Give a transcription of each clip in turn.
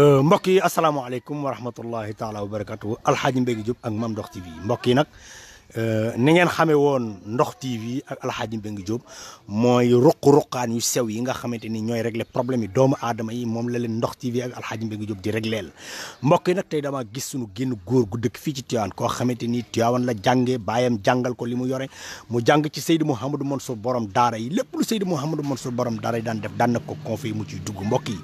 Euh, mbokk yi asalaamaaleykum wa rahmatullahi taala wa barakatu alxaaji Mbégi Diop ak Mame Ndokh TV mbokk yi nag Euh, ni ngeen xamee woon Ndox TV ak Alxaaji Mbengue Diop mooy ruq-ruqaan yu sew yi nga xamante ni ñooy régler problème yi doomu adama yi moom la leen Ndox TV ak Alxaaji Mbengue Diop di régleel la mbokki nag tey dama gis sunu génn góor gu dëkk fii ci Tivaouane koo xamante ni Tivaouane la jànge baayam jàngal ko li mu yore mu jàng ci Seydi Mouhamadou Mansour borom daara yi lépp lu Seydi Mouhamadou Mansour borom daara daan def daan na ko confié mu ciy dugg mbokk yi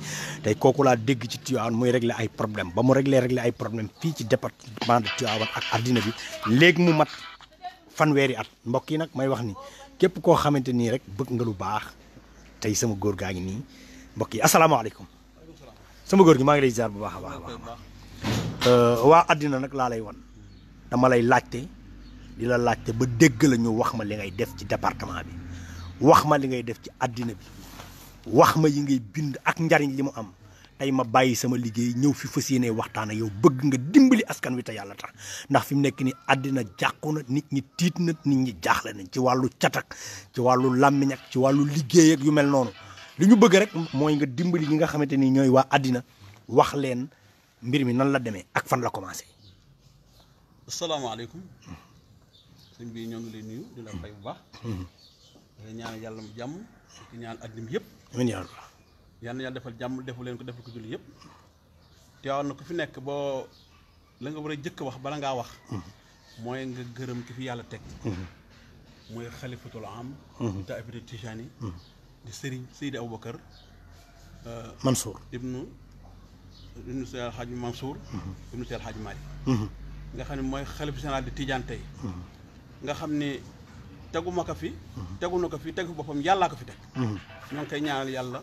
tey kooku laa dégg ci Tivaouane muy régler ay problème ba mu régler régler ay problème fii ci département de Tivaouane ak addina bi léegi mu mat fanweeri at mbokk yi nag may wax ni képp koo xamante nii rek bëgg nga lu baax tey sama góor gaa ngi nii mbokk yi asalaamaaleykum sama góor gi maa ngi lay ziar bu baax a baax a baax euh, waa àddina nag laa lay wan dama lay laajte di la laajte ba dégg la ñu wax ma li ngay def ci département bi wax ma li ngay def ci àddina bi wax ma yi ngay bind ak njariñ li mu am tey ma bàyyi sama liggéey ñëw fi fas yéene waxtaan ak yow bëgg nga dimbali askan wi te yàlla tax ndax fi mu nekk nii àddina jàqu na nit ñi tiit na nit ñi jaaxle nañ ci wàllu catak ci wàllu làmmiñ ak ci wàllu liggéey ak yu mel noonu li ñu bëgg rek mooy nga dimbali ñi nga xamante ni ñooy waa àddina wax leen mbir mi nan la demee ak fan la commencé. asalaamaaleykum. sëñ bi ñoo ngi leen nuyu di la fay bu baax. Mm-hmm. ñaan yàlla mu jàmm ñaan àddina bi yal na yàlla defal jàmm defu leen ko defal ko julli yëpp teewaan na ku fi nekk boo la nga war a jëkk wax bala ngaa wax mm-hmm. mooy nga gërëm ki fi yàlla teg mm-hmm. mooy xalifatul am mm-hmm. taabiri tijaani di sëriñ Seydi Aboubacar euh, Mansour ibnu ibnu Seydi Alxaaji Mansour ibnu Seydi Alxaaji Maalik nga xam ne mooy xalif général di tijaan tey nga xam ne teguma ko fi. tegu na ko fi tegu boppam yàllaa ko fi teg. Mhm. ñoo ngi koy ñaanal yàlla.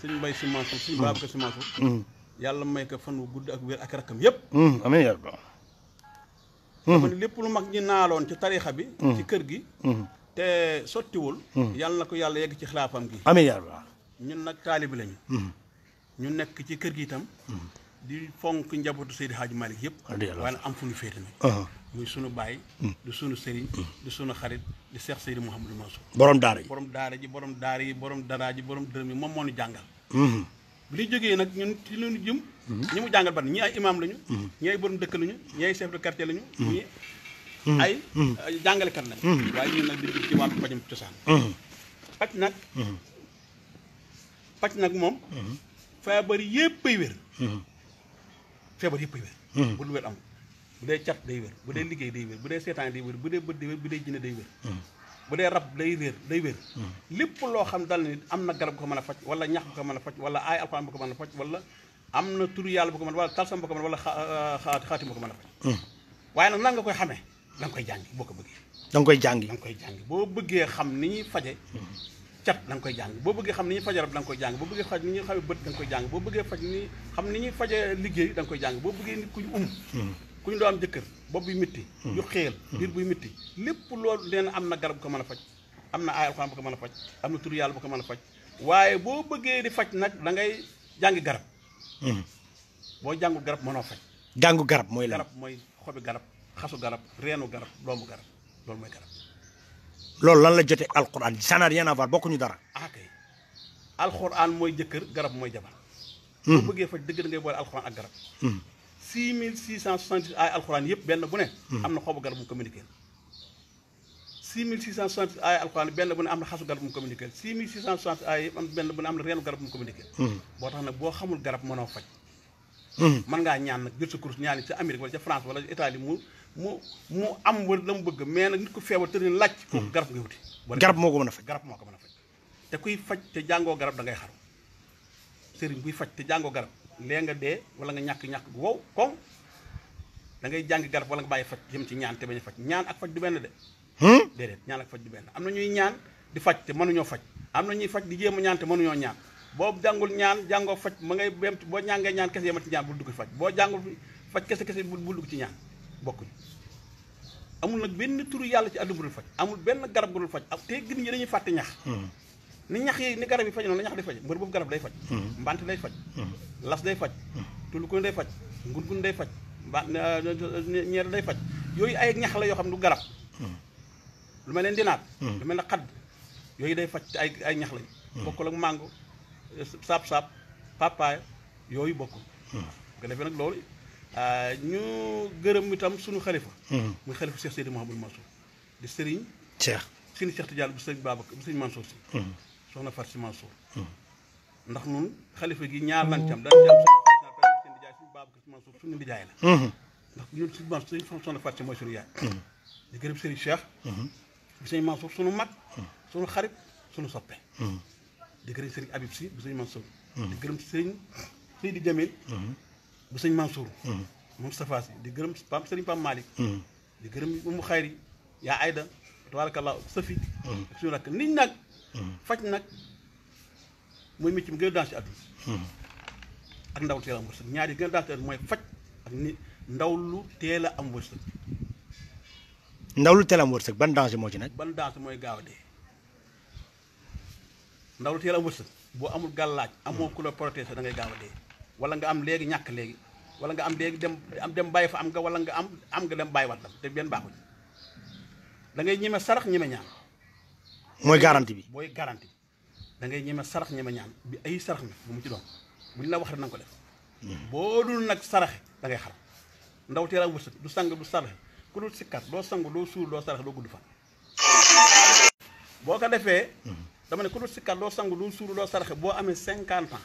suñu mbay si ko si yàlla may ko fan wu gudd ak wér ak rakkam yëpp. Mhm. amiin yaa mhm. lépp lu mag ñi naaloon ci tariixa bi. ci kër gi. te sottiwul. yàlla na ko yàlla yegg ci xilaafam gi. amiin yaa rabbal ñun nag taalibi lañu. ñu nekk ci kër gi itam. di fonk njabootu Seydi Hadji Malick yëpp. waaye nag am fu ñu féete nag. Uh-huh. muy sunu baay. Mm. du sunu sëriñ. Mm. du sunu xarit di Cheikh Seydou Mouhamadou Mansour. borom daara yi borom daara ji borom daara yi borom daraa ji borom dërëm yi moom moo ñu jàngal. li mm-hmm. jógee nag ñun ci lu ñu jëm. Mm-hmm. ñi mu jàngal ban ñi ay imaam lañu. Mm-hmm. ñi ay borom dëkk lañu. ñi ay chef de quartier lañu. ñi ay jàngalekat lañu. waaye ñun nag di ci wàllu pajum cosaan. paj nag. paj nag moom. feebar yëpp ay wér. feebar yëpp ay wér. bu lu wér amul. bu dee cat day wér bu dee liggéey day wér bu dee seetaan day wér bu dee bët day wér bu dee jinne day wér hmm. bu dee rab day wér hmm. lépp loo xam dal nit am na garab bu ko mën a faj wala ñax bu ko mën a faj wala aay alxuraan bu ko mën a faj wala am na turu yàlla bu ko mën wala talsam bu ko mën wala euh, xaatim bu ko a faj hmm. waaye nag nan nga koy xamee da koy jàngi boo ko bëggee da koy jàngi da nga koy jàngi boo bëggee xam ni ñuy faje cat da nga koy jàng boo bëggee xam ni ñuy faje rab da nga koy jàng boo bëggee faj ni boo bëggee faj ni ñuy faje liggéey da koy jàng boo bëggee nit ku ñu um ku ñu doo am jëkkër bopp buy métti hmm. yu hmm. buy métti lépp loolu nee na am na garab ko mën a faj am na aay alxuraan mën a faj am na tur yàlla bu ko a waaye boo bëggee di faj nag da ngay jàngi garab hmm. boo jàngu garab mënoo faj jàngu garab mooy lan garab mooy xobi garab xasu garab reenu garab doomu garab mooy garab loolu lan la jotee alxuraan ça n'a bokkuñu dara ah kay mooy jëkkër garab mooy jabar boo bëggee faj dëgg da ngay boole alxuraan ak garab six mille six cent soixante-dix ay alxuraan yëpp benn bu ne am na xobu garab mu communiqué six mille six cent soixante ay alxuraan benn bu ne am na xasu garab mu communiqué six mille six cent soixante ay yëpp benn bu ne am na reenu garab mu communiqué hmm. boo tax nag boo xamul garab mënoo faj hmm. mën ngaa ñaan nag jël sa ñaan ca Amérique wala ca France wala Italie mu am wala la mu bëgg mais nag nit ko feebar te leen laaj kooku hmm. garab ngay wuti garab moo ko mën a faj garab moo ko mën a faj te kuy faj te jàngoo garab da ngay xaru sëriñ buy faj te jàngoo garab lee nga dee wala nga ñàkk-ñàkk gu wow koŋ da ngay jàng garab wala nga bàyyi faj jëm ci ñaan te bañ faj ñaan ak faj du benn de hmm? déedéet ñaan ak faj du benn am na ñuy ñaan di faj te mënuñoo faj am na ñuy faj di jéem a ñaan mënuñoo ñaan boo jàngul ñaan jàngoo faj ma ngay bem boo ñàngee ñaan kese yemal ci ñaan bul dugg faj boo jàngul faj kese kese bul dugg ci ñaan bokkuñu amul nag benn turu yàlla ci àdduna faj amul benn garab bu dul faj te gën ñi dañuy fàtte ñax hmm. ni ñax yi ni garab yi faj noonu la ñax di faj mbër boobu garab day faj mm-hmm. mbante day faj mm-hmm. las day faj mm-hmm. tulukun day faj ngungun day faj mba ñeer day faj yooyu ay ñax la yoo xam ne du garab lu mel ne ndinaat lu mel ne xadd yooyu day faj ay ay ñax lañ bokkul ak mango saab-saab yooyu bokkul nga defee nag loolu ah, ñu gërëm itam suñu xalifa muy xalifa Cheikh Seydi Mouhamadou Mansour di sëriñ Cheikh suñu Cheikh Tidiane bu sëriñ Babacar bu sëriñ Mansour si soxna Fatou Sy Mansour hmm. ndax nun xalifa gi ñaar lan cam daan cam seen nijaay suñu Babacar Sy Mansour suñu nijaay la hmm. ndax ñun suñu Mansour suñu soxna Fatou Sy mooy suñu yaay hmm. di gërëm Serigne Cheikh bi sëñ Mansour suñu mag suñu di gërëm Serigne Habib Sy bu sëñ Mansour di gërëm Serigne Seydi Jamil bu sëñ Mansour Moustapha Sy di gërëm Pam Serigne Pam Malick di gërëm Umu Xayri yaa Ayda tabarakallah Safi suñu rakk nit nag faj nag mooy métier mu gën a daal ci àdduna hmm. ak ndaw teel a am wërsëg ñaar yi gën a daal ci àdduna mooy faj ak ni ndaw lu teel a am wërsëg ndaw lu teel am wërsëg ban danger moo ci nag ban danger mooy gaaw a dee ndaw lu teel am wërsëg boo amul gàllaaj amoo hmm. ku la protéger da ngay gaaw a dee wala nga am léegi ñàkk léegi wala nga am léegi dem am dem bàyyi fa am nga wala nga am am nga dem bàyyi wat te benn baaxuñ da ngay ñeme sarax ñeme ñaan mooy garanti bi mooy garanti da ngay ñeme sarax ñeme ñaan bi ay sarax na bu mu ci doon bu ñu la wax rek na ko def boo dul nag saraxe dangay ngay xar ndaw teel a wërsëg du sang du saraxe ku dul sikkat doo suur doo saraxe doo gudd fan boo ko defee dama ne ku dul sikkat doo sangu doo boo amee cinquante ans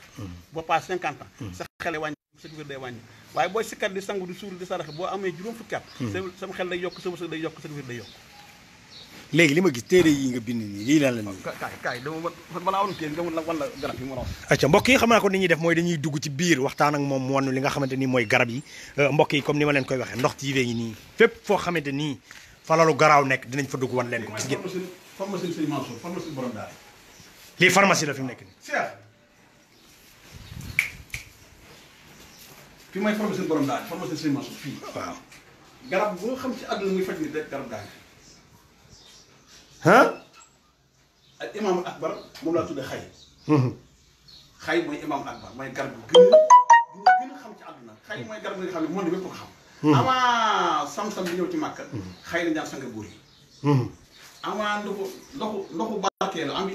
boo paas cinquante ans sa xele wàññi sa wér day wàññi waaye booy sikkat di sangu di suur boo amee juróom fukki at hmm. sama xel day yokk sa wërsëg day yokk sa wér day yokk léegi li ma gis téere yi nga bind nii lii lan la nii. kaay a mbokk yi xam naa ko ni ñuy def mooy dañuy dugg ci biir waxtaan ak moom mu wan li nga xamante ni mooy garab yi euh, mbokk yi comme ni ma leen koy waxee ndox ci yi ngi nii fépp foo xamante nii falalu garaaw nekk dinañ fa dugg wan leen ko gis ngeen. pharmacie lii pharmacie la fi mu nekk nii. fii. waaw garab ah. ak imaamul akbar moom laa tuddee xay. Mhm. xay mooy imaamul akbar mooy garab gi gën a gën a xam xay mooy nga xam ne monde bi mhm. ñëw ci màkk. Mhm. xay na ñaar ndoxu ndoxu ndoxu barkeelu am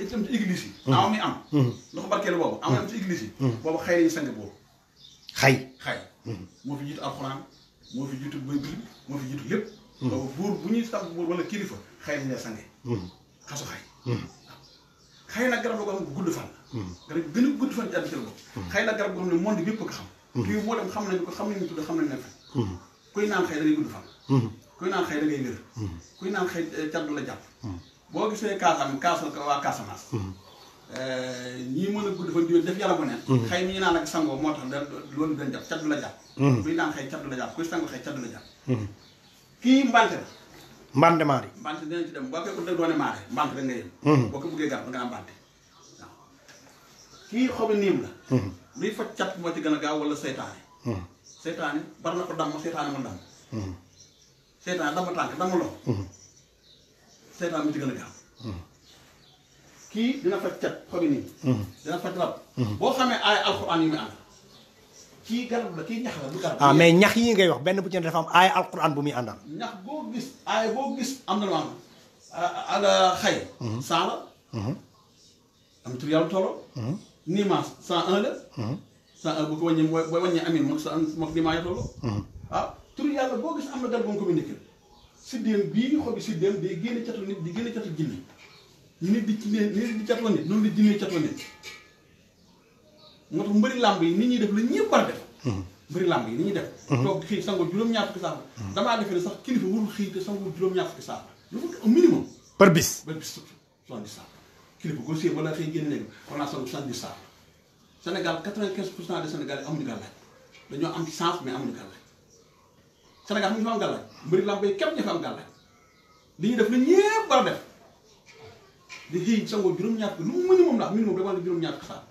am. ci église yi. boobu xay nañu sang boobu. xay xay. moo fi jiitu alxuraan moo fi jiitu Bible moo fi jiitu lépp. donc mm-hmm. buur bu ñuy tabb buur wala kilifa xëy nañ la sange mm-hmm. xasu xay waaw mm-hmm. xëy na garab la ko gudd fan la garab gën a gudd fan ci àddina ko na garab goo ne monde bépp ko xam kii moo dem xam nañ ko xam nañu tudd xam nañ nekk kuy naan xëy da ngay gudd fan kuy eh, la jàpp boo gisee kaasam kaasal eh, a gudd fan di def yàlla bu neen xëy mi ñu naan ak sangoo moo tax da loolu dañ jàpp caddu la jàpp kuy naan xëy la jàpp kuy sango caddu la jàpp kii mbante la. mbante maari. mbante dina boo ko def hmm. garab nga am kii xobu niim la. Hmm. luy faj cat moo ci gën a gaaw wala seytaane. Hmm. seytaane bari na ko damm seytaane mën damm. seytaane damm tànk damm loxo. seytaane mu ci gën a gaaw. kii dina faj cat xobu niim. dina faj rab. boo xamee ay alxuraan yu muy ànd. ci garab la kii ñax la du garab. ah mais ñax yi ngay wax benn bu ci dafa am aaya alquran bu muy àndal. ñax boo gis aaya boo gis am na lu am ala ah, ah, ah, xay. 100 mhm. mhm. am tur yàlla tolloo. Mhm. niimaa 101 la. bu ko wàññi booy booy wàññi amin boo gis am na siddéem bii xobi siddéem day génne catu nit di génne catoo nit noonu di jinne catoo nit. moo tax mbëri làmb yi nit ñuy def la ñëpp war a def hmm. mbëri làmb yi ni ñuy def hmm. toog xëy sango juróom-ñaar hmm. sax kilifa warul xëy te sango juróom-ñaar fukki saako lu mu minimum par bis par bis soixante-dix saako kilifa gaucier wala xëy génn nekk war naa sango soixante dañoo am chance mais amuñu gàllaaj Sénégal xam nga fa am gàllaaj mbëri làmb yi képp ña fa am gàllaaj li ñuy def la ñëpp a def di xëy sango juróom-ñaar fukki lu minimum la minimum dama juróom-ñaar fukki saako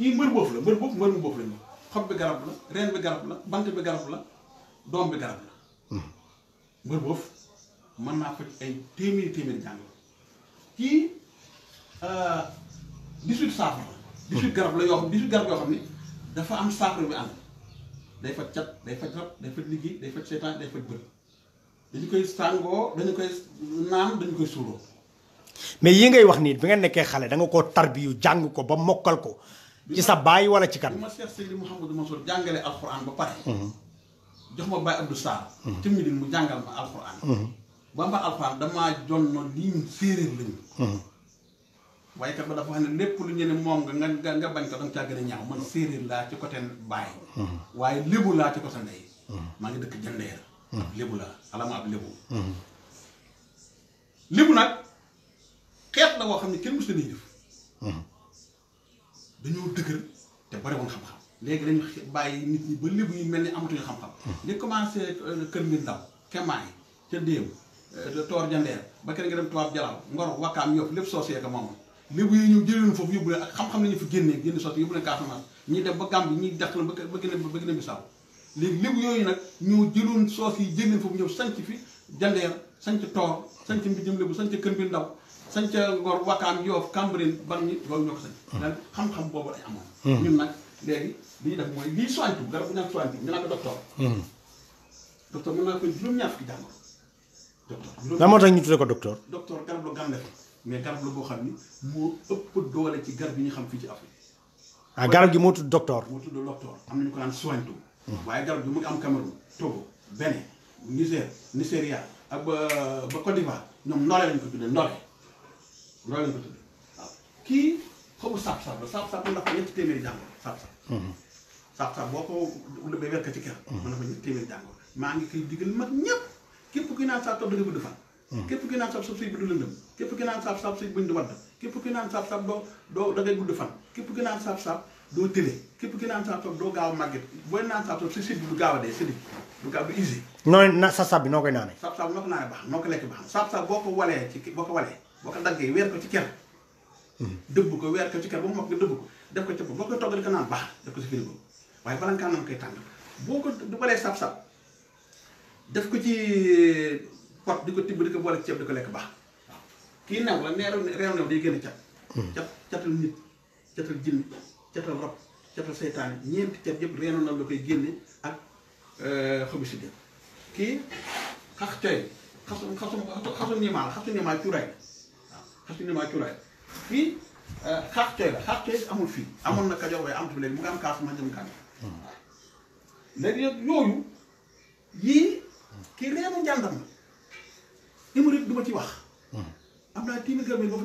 kii mbër boof la mbër boof mbër mu boof la ñu xob bi garab la reen bi garab la bant bi garab la doom bi garab la hmm. mbër boof mën naa faj ay téeméeri téeméeri jàngoro kii euh, dix-huit saafara dix garab la yoo xam dix garab yoo xam ne dafa am saafara bi ànd day faj cat day faj rab day faj liggéey day faj seetaan day faj bër dañu koy sàngoo dañu koy naan dañu koy suuroo mais yi ngay wax nii bi nga nekkee xale da nga koo tarbiyu jàng ko ba mokkal ko ci sa baay wala ci kan. bi ma Cheikh Seydi Mouhamadou Mansour jàngale alxuraan ba pare. Mhm. jox ma Baye Abdou Sarr. tamit mhm. mu jàngal ma alxuraan. Mhm. ba ma alxuraan damaa jonno lii ñu séeréer lañu. waaye kat ba dafa xam ne lépp lu ñu ne moom nga nga nga bañ ko danga caa gën a ñaaw man séeréer laa ci côté baay. waaye lébu laa ci côté ndey. maa ngi dëkk Jandeer. ab lébu laa alama ab lébu. lébu nag xeet la woo xam ne kenn mësu la ñuy def. dañoo dëgër te bari woon xam-xam léegi dañu bàyyi nit ñi ba lébu yi mel ni amatuñu xam-xam hmm. li commencé euh, kër ngir ndaw kemaay ca déew euh, toor jandeer ba kenn nga dem tubaab jalaw ngor wakkaam yof lépp soosee ko moom lébu yi ñëw jëlee foofu yóbbu leen ak xam-xam lañu fi génnee génn soos yóbbu leen Casamance ñuy dem ba Gambie ñuy dàq la ba ba gën a Bissau léegi lébu yooyu nag ñoo jëloon soos yi jëleen foofu ñëw sanc fi jandeer sanc toor sanc mbijëm lébu sanc kër ngir ndaw sañ ca Ngor Wakaam Yoof Cambérène Bargny loolu ñoo ko sañ mm. dan xam-xam boobu ay amoon mm. nag ñu naan ko docteur mm. docteur mën naa ko juróom mais garab la boo xam ni moo ëpp doole ci garab yi ñu xam fii ci Afrique ah garab gi moo tudd docteur moo tudd docteur am nañu ko naan sointu waaye garab gi mu ngi am Cameroun Togo Benin Niger Nigeria ak ba ba Côte d'Ivoire ñoom ndoole lañu ko tuddee ndoole loolu kii xobu saab-saab la saab-saab mën na ko ñetti téeméeri jàngoor saab mhm. boo ko lëbbee werka ci kër mën mhm. na ko ñetti téeméeri jàngoor maa ngi koy digal mag ñëpp képp kuy naan saab-saab da nga gudd fan mhm. képp kuy naan saab-saab képp kuy naan saab-saab suy buñ di wadd naan saab-saab doo doo da ngay gudd fan képp kuy naan saab-saab doo tële képp kuy naan saab-saab doo gaaw a màgget booy naan saab-saab si sib du gaaw a dee sidi du gaaw du easy nooy saab-saab bi noo koy naanee saab-saab ko naanee baax noo ko lekk baax boo ko walee ci boo ko walee boo ko daggee weer ko ci ker dëbb ko weer ko ci ker ba mu mokk nga dëbb ko def ko ci boo koy togg di ko naan baax def ko si frigo waaye bala nga naan koy tàng boo ko du baree sab-sab def ko ci eh, pot di ko tibb di ko boole ceeb di ko lekk baax waaw kii new la nee reew new day gën a cat hmm. cat catal nit catal jinn catal rab catal seytaane ñeenti cat yëpp reenu na la koy génne ak xobi eh, si kii xax coy xasu xasu xasu niimaa la xasu niimaa cuuraay xasida cuuraay fii euh, xaax cooy la xaax cooy amul fii amoon na Kajoor waaye amatu léegi mu ngi am kaas ma jëm kan léegi yooyu yii kii reenu njàndam la imurit du ci wax am naa téeméer garab yi boo fa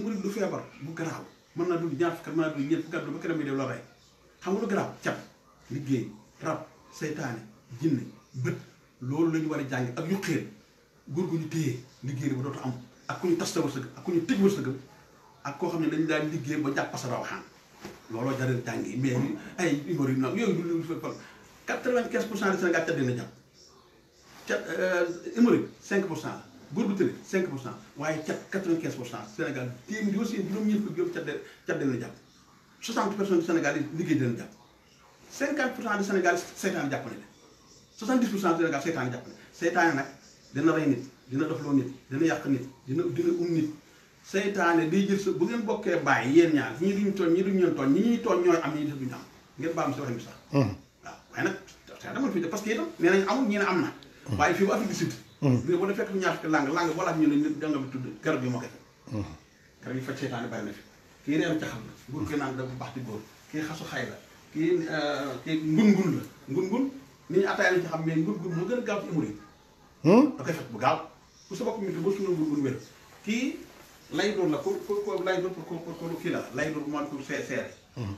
indi du feebar bu garaaw mën naa dund ñaar fukkat mën naa dund ñeent fukkat du ba këram yi def la rey xam nga lu garaaw cab liggéey rab seytaane jinne bët loolu la war a jàng ak yu góor gu ñu téye liggéey ba dootu am ak ku ñu tas sa ak koo xam ne dañu daan liggéey ba jàpp sa rawaxaan looloo jareen jàng yi mais ay numéro yi nag yooyu du lu fa fal quatre vingt jàpp euh, pour cent la juróom-ñeent fukk juróom cat cat dina jàpp soixante personnes du Sénégal yi liggéey dina jàpp cinquante pour cent de Sénégal seytaane nag dina rey nit dina dofloo nit dina yàq nit dina dina um nit seytaane day jël sa bu ngeen bokkee bàyyi yéen ñaar ñi duñ tooñ ñi duñ leen tooñ ñi ñuy tooñ ñooy am ñi def duñu am ngeen hmm. parce que itam ne am na hmm. waaye fii bu Afrique du Sud bi bu da fekk fi ñaar fekk lang lang wala ñu ne da nga bi tudd garab yi moo koy fekk hmm. garab yi faj seytaane bari na fi kii reem ca xam di góor kii xasu xay la kii euh, kii ngun ngun la ngun ngun ni ñu attaay lañ ci xam mais ngun ngun moo gën a gaaw ci émori Hmm? da koy fekk bu gaaw ku sa bopp mi ba suñu bu wér kii lay doon la pour pour lay doon pour pour kii la lay doon man pour see seer hmm.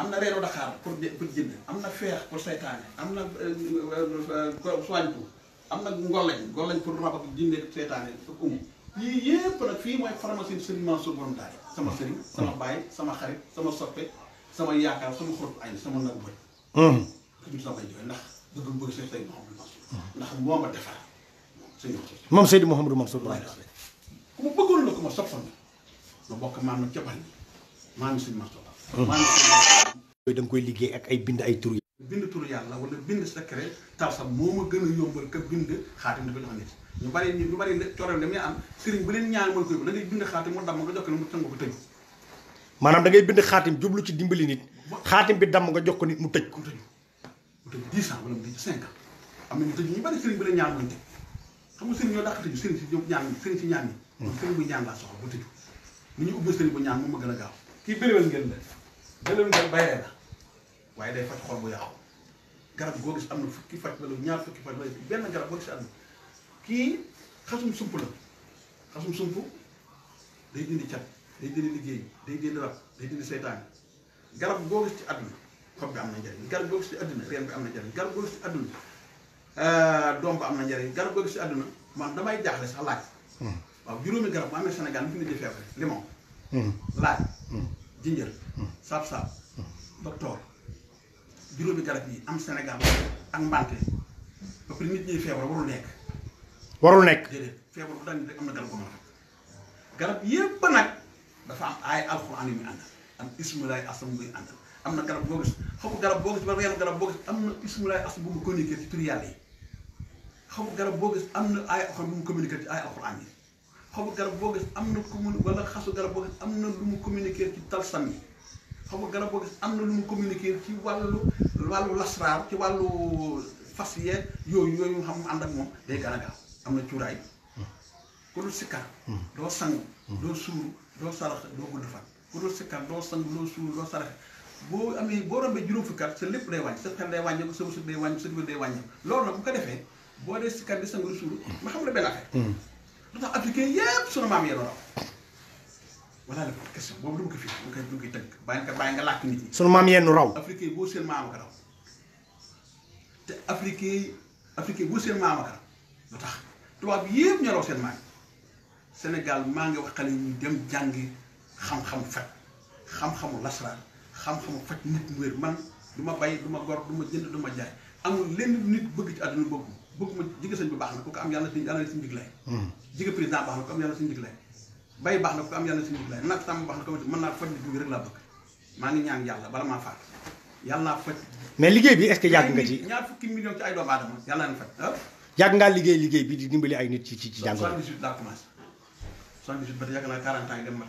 am na reeru daxaar pour pour jënd am na feex pour seytaane am na euh, euh, euh, soiñtu am na ngolañ ngolañ pour rab ak jinde seytaane ak um yii yépp nag fii mooy si Sëriñ Mansour borom daal sama sëriñ hmm. sama baay sama xarit sama soppe sama yaakaar sama xortu ay sama nagu bët ndax dëgg bëgg seet say Mouhamadou Mansour ma defar moom Seydi Mouhamadou Mansour Baye ku mu bëggoon la ko ma soppoon la lu bokk maam ca bànn maam suñu Mansour hmm. yooyu da nga koy liggéey ak ay bind ay tur bind tur yàlla wala bind secret taw sax moo ma gën a yombal ka bind xaatim dafa jox nit ñu bari ñu bari cooreel damuy am sëriñ bu leen ñaan mooy koy bu da ngay bind xaatim mu damm nga jox ko mu tënk ko tëj maanaam da ngay bind xaatim jublu ci dimbali nit xaatim bi damm nga jox ko nit mu tëj ko tëj mu tëj dix ans wala mu tëj cinq ans am na ñu tëj ñu bari sëriñ bu leen ñaan mooy tëj xam nga sëriñ ñoo dàq tëju sëriñ si ñoom ñaan ñi sëriñ si ñaan ñi man mm. sëriñ laa soxla ba tëju ni ñu ubbee sëriñ bu ñaan moom ma gën a gaaw kii bëriwel ngeen la bëriwel ngeen bayre la waaye day faj xol bu yàqu garab goo gis am na fukki faj ñaar fukki faj wala benn garab goo gis am na kii xasum sump la xasum sump day dindi cat day dindi liggéey day dindi rab day dindi seytaane garab goo gis ci àdduna xob bi am na njëriñ garab goo gis ci àdduna reen bi am na njëriñ garab goo gis ci Euh, donc am na njëriñ garab googu si àdduna man damay jaaxle sax laaj. Hmm. waaw juróomi garab mu amee Sénégal mi fi nit di feebar limon. Hmm. laaj. jinjër. saab saab. docteur juróomi garab yi am Sénégal ak mbante ba pare nekk. warul nekk déedéet feebar bu daan am na garab bu mën a garab yépp nag dafa am ay alxuraan yu muy àndal am ismulaay asam buy àndal am na garab boo gis xaw garab boo gis ba weeru garab boo gis am na ismulaay asam bu mu communiqué ci tur yàlla yi. xaw garab boo gis am na ay axam lu mu communiqué ci ay alxuraan yi xobu garab boo gis am na commun wala xasu garab boo gis am na lu mu communiqué ci talsam yi xaw garab boo gis am na lu mu communiqué ci wàllu wàllu lasraar ci wàllu fas yeeg yooyu yooyu nga xam ànd ak moom day gën a gaaw am na cuuraay ku dul sikkar doo sang doo suur doo sarax doo gudd fan ku dul sikkar doo sang doo suur doo sarax boo amee boo rombee juróom fukki sa lépp day wàññi wàññi loolu nag ko defee boo dee sikar di sang rasul ma xam benn affaire. Hmm. lu tax africain yëpp sunu maam yee doon raw. voilà la question boobu dama ko fi dama koy dama koy tënk bàyyi nga bàyyi nga làkk nit ñi. sunu maam yee nu raw. africain boo seen maam ak raw te africain africain boo seen maam ak raw lu tax tubaab yëpp ñoo raw seen maam Sénégal maa xale ñu dem jàngi xam-xam faj xam-xamu lasaraan xam-xamu faj du ma bay du ma gor du ma jënd du ma jaay amul lenn nit bëgg ci àdduna boobu. bëgguma jigéen sëñ bi baax na ku ko am yàlla suñ yàlla suñu diglaay hmm. président baax na ku am yàlla suñu diglaay bay baax na ku am yàlla suñu diglaay naak sàmm baax na ko mën naa faj nit ñi rek laa bëgg maa ngi ñaan yàlla bala maa faat yàlla naa faj mais liggéey bi est-ce que yàgg nga ci ñaar fukki million ci ay doomu aadama yàlla na faj ah. yàgg ngaa liggéey liggéey bi di dimbali ay nit ci ci jàngoro 78 laa commencé 78 ba tey yàgg naa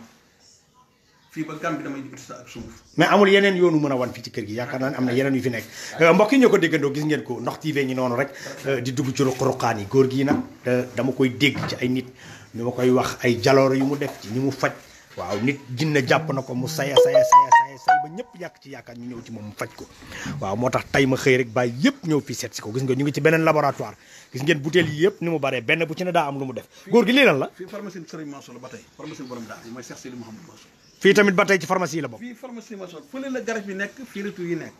fii ba gàmm bi damay jublu sa ak suuf. mais amul yeneen yoonu mën a wan fii ci kër gi yaakaar naa ne am na yeneen yu fi nekk euh, mbokk yi ñoo ko déggandoo gis ngeen ko Ndox TV ñi noonu rek euh, di dugg ci ruq-ruqaan yi góor gii nag euh, dégg ci ay nit ñu koy wax ay jaloor yu mu def ñi mu faj waaw nit jinne jàpp na ko mu saya saya saya saya say ko waaw moo tax tey ma xëy rek bàyyi yëpp ñëw fi seet si ko gis nga ñu ngi ci beneen laboratoire gis ngeen butéel yi yëpp ni mu baree benn bu ci ne daa am lu mu def góor gi lii lan la fii tamit ba tey ci pharmacie la bokk. fii pharmacie ma sol fële la garab yi nekk fii la tur yi nekk.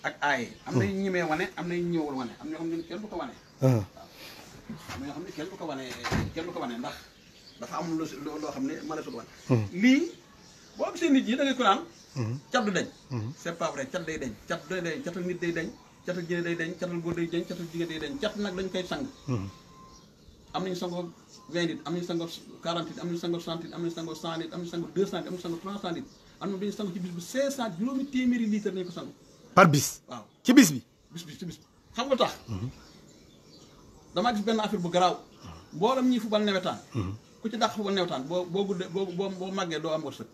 ak aaye. am na ñu ñemee wane am na ñu ñëwul wane am na ñoo xam ne ko wane. waaw am na ñoo xam ne kenn du ko wane kenn du ko wane loo xam ne mën na ko lii boo am seen nit yi da ngay ko naan. cat du dañ. c'est pas vrai cat day dañ cat day dañ catul nit day dañ catul jëne day dañ catul góor day dañ catul jigéen day dañ cat nag dañ koy sang. am nañu sangoo. vingt litres am nañu sangu quarante litres am nañu sangu soixante litres am nañu sangu cent litres am nañu sangu deux cent litres am nañu sangu trois cent litres am na dañu sangu ci bis bu cinq cent juróomi téeméeri litres nañu ko sangu. par bis waaw ci bis bi. bis bi ci bis bi xam nga tax. Mhm. damaa gis benn affaire bu garaaw. Mhm. mboolem ñi fubal nawetaan. Mhm. ku ci dàq fubal nawetaan boo boo guddee boo boo màggee doo am wërsëg.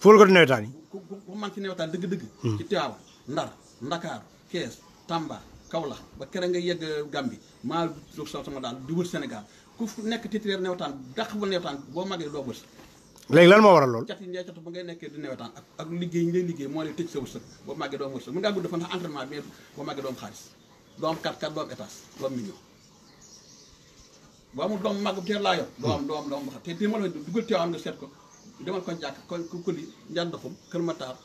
fubal ko nawetaan yi. ku ku ku man ci nawetaan dëgg-dëgg. ci Tiwaawan Ndar Ndakaar Kees Tamba Kaolack ba kere nga yegg Gambie maa sama daal di wër Sénégal ku nekk titulaire newetaan dàq ba newetaan boo màggee doo bës léegi lan moo a loolu cat yi ngay cat ba ngay nekkee di newetaan ak ak liggéey ñu lay liggéey moo lay tëj sa wërsëg boo màggee doo am wërsëg mën ngaa gudd fan ndax entraînement bi boo màggee doo xaalis doo kat kat doo am étage doo am boo amul doom màgg laa yor doo am doo am doo te di ma la dugal teew am na seet ko demal ko jàkk ko ko li njàndoxum kër Matar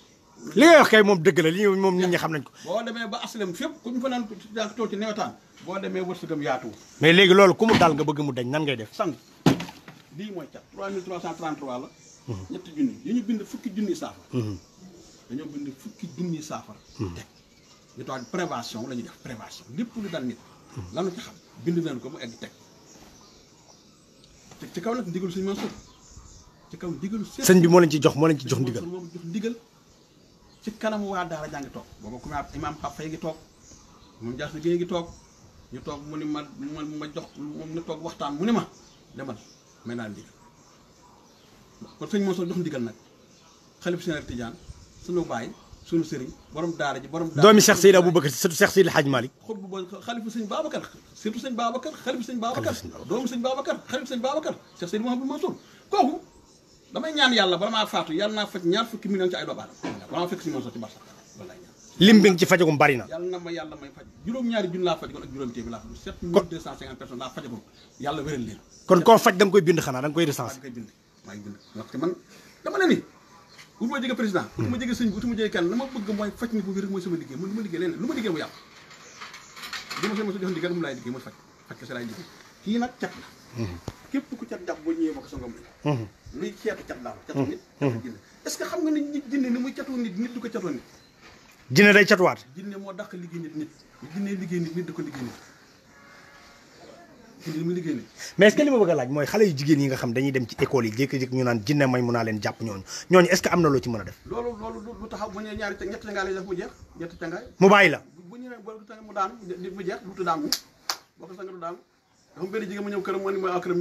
li ngay wax kay moom dëgg la li moom nit ñi xam nañ ko. boo demee ba aslem fépp ku ñu fa naan toog ci nawetaan boo demee wërsëgam yaatu. mais léegi loolu ku mu daal nga bëgg mu dañ nan ngay def. sang lii mooy cat 3333 la. Mhm. ñetti junni yi ñu bind fukki junni saafara. Mhm. dañoo bind fukki junni saafara. Mhm. teg ñu toog prévention la ñuy def prévention lépp lu dal nit. lanu ci xam bind nañ ko mu egg teg teg ci kaw nag ndigalu suñu Mansour ci kaw ndigalu. sëñ bi moo leen ci jox moo leen ci jox ndigal. ci kanamu waa daara jaa ngi toog booba ku ma imaam Pape Faye gi toog moom Jaas na Géey gi toog ñu toog mu ni ma ma ma jox moom na toog waxtaan mu ni ma demal may naa ndigal kon sëñ Mansour jox ndigal nag xalif général Tijaan sunu baay sunu sëriñ borom daara ji borom. doomi Cheikh Seydou Aboubacar surtout Cheikh Seydou El Hadj Malick. xut bu boobu xalifu sëñ Babacar surtout sëñ Babacar xalifu sëñ Babacar. xalifu sëñ Babacar doomu sëñ Babacar xalifu sëñ Babacar Cheikh Seydou Mouhamadou Mansour kooku damay ñaan yàlla bala maa faatu yàlla naa faj ñaar fukki million ci ay doomu aadama bala lim bi nga ci faj ak juróom téeméer laa kon koo faj da koy bind xanaa da koy recensé man dama ne ni wut ma jege président hmm. wut ma jege sëñ bi wut ma jege kenn la ma bëgg mooy faj ni bu wér mooy sama liggéey man lu ma liggéey leneen lu ma li ma liggéey mooy faj kii nag cat la hmm. jàpp boo ñëwee fokk sangam bi luy xeetu cat daal catu mhm. nit mhm. jinne est xam nga ne jinne ni muy catoo nit nit du ko catoo nit jinne day catuwaat jinne moo dàq liggéey nit nit jinne liggéey nit nit liggéey nit mais est li ma bëgg a laaj mooy xale yu jigéen yi nga xam dañuy dem ci école yi jékki-jékki ñu naan jinne may mun naa leen jàpp ñooñu ñooñu est am na loo ci mën a def loolu lu taxaw bu ñaari ñetti cangaay mu jeex ñetti cangaay mu bàyyi la bu dafa am benn jigéen mu ñëw këram mu ne ma këram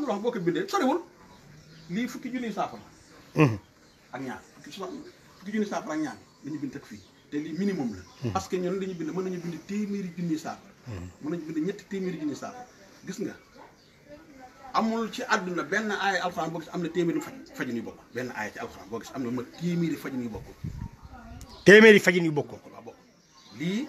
ñu ma lii fukki junniy mhm. saafara ak ñaar fukki fukki junniy saafara ak ñu bind fii te lii minimum mhm. parce que ñun li ñu bind mën nañu bind téeméeri junniy saafara mhm. mën nañu ñetti téeméeri junniy saafara gis nga amul ci àdduna benn aaya alxuraan boo gis am na téeméeri faj fajin yu bokk benn aaya ci boo gis am na ma téeméeri fajin yu bokk téeméeri fajin yu bokk waaw lii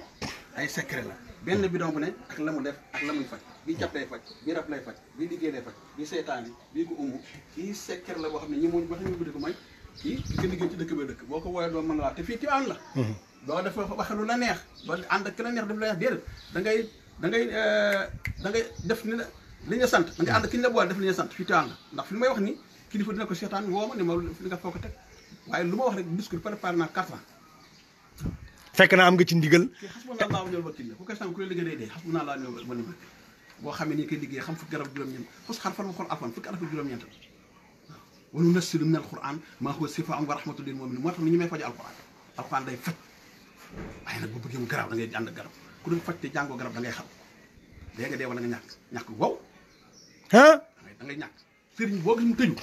ay secret la benn bidon bu ne ak la mu def ak la muy faj bi jàpp lay faj bi rab lay faj bi liggéey lay faj bi seetaan yi ko umu kii secret la boo xam ne ñi muñ wax ñu guddi ko mooy kii ki ko dëkk ba dëkk boo ko woowee doo mën a wax te fii ci ànd la mhm. doo dafa waxe lu la neex ba ànd ak ki la neex daf la neex déedéet da ngay da euh, da ngay def ni la li ñu sant da ngay ànd ki ñu la def li sant fii ci ndax fi lu may wax ni kilifa dina ko seetaan woo ma ne ma li nga foo ko teg waaye lu ma wax rek discours préparé naa quatre ans fekk na am nga ci ndigal. boo xamee ni koy liggéey xam fukki garab juróom-ñeent xos xar fan nga xool alfan fukki araf juróom-ñeent wa nunazzilu mina al-Qur'an maa huwa shifaa'un moo tax ni ñu may faj alquran alquran day faj waaye nag bu bëggee mu garab da ngay ànd garab ku doon faj te jàngoo garab da ngay xam dee nga dee wala nga ñàkk ñàkk wow ah da ngay ñàkk sëriñ boo gis mu tëju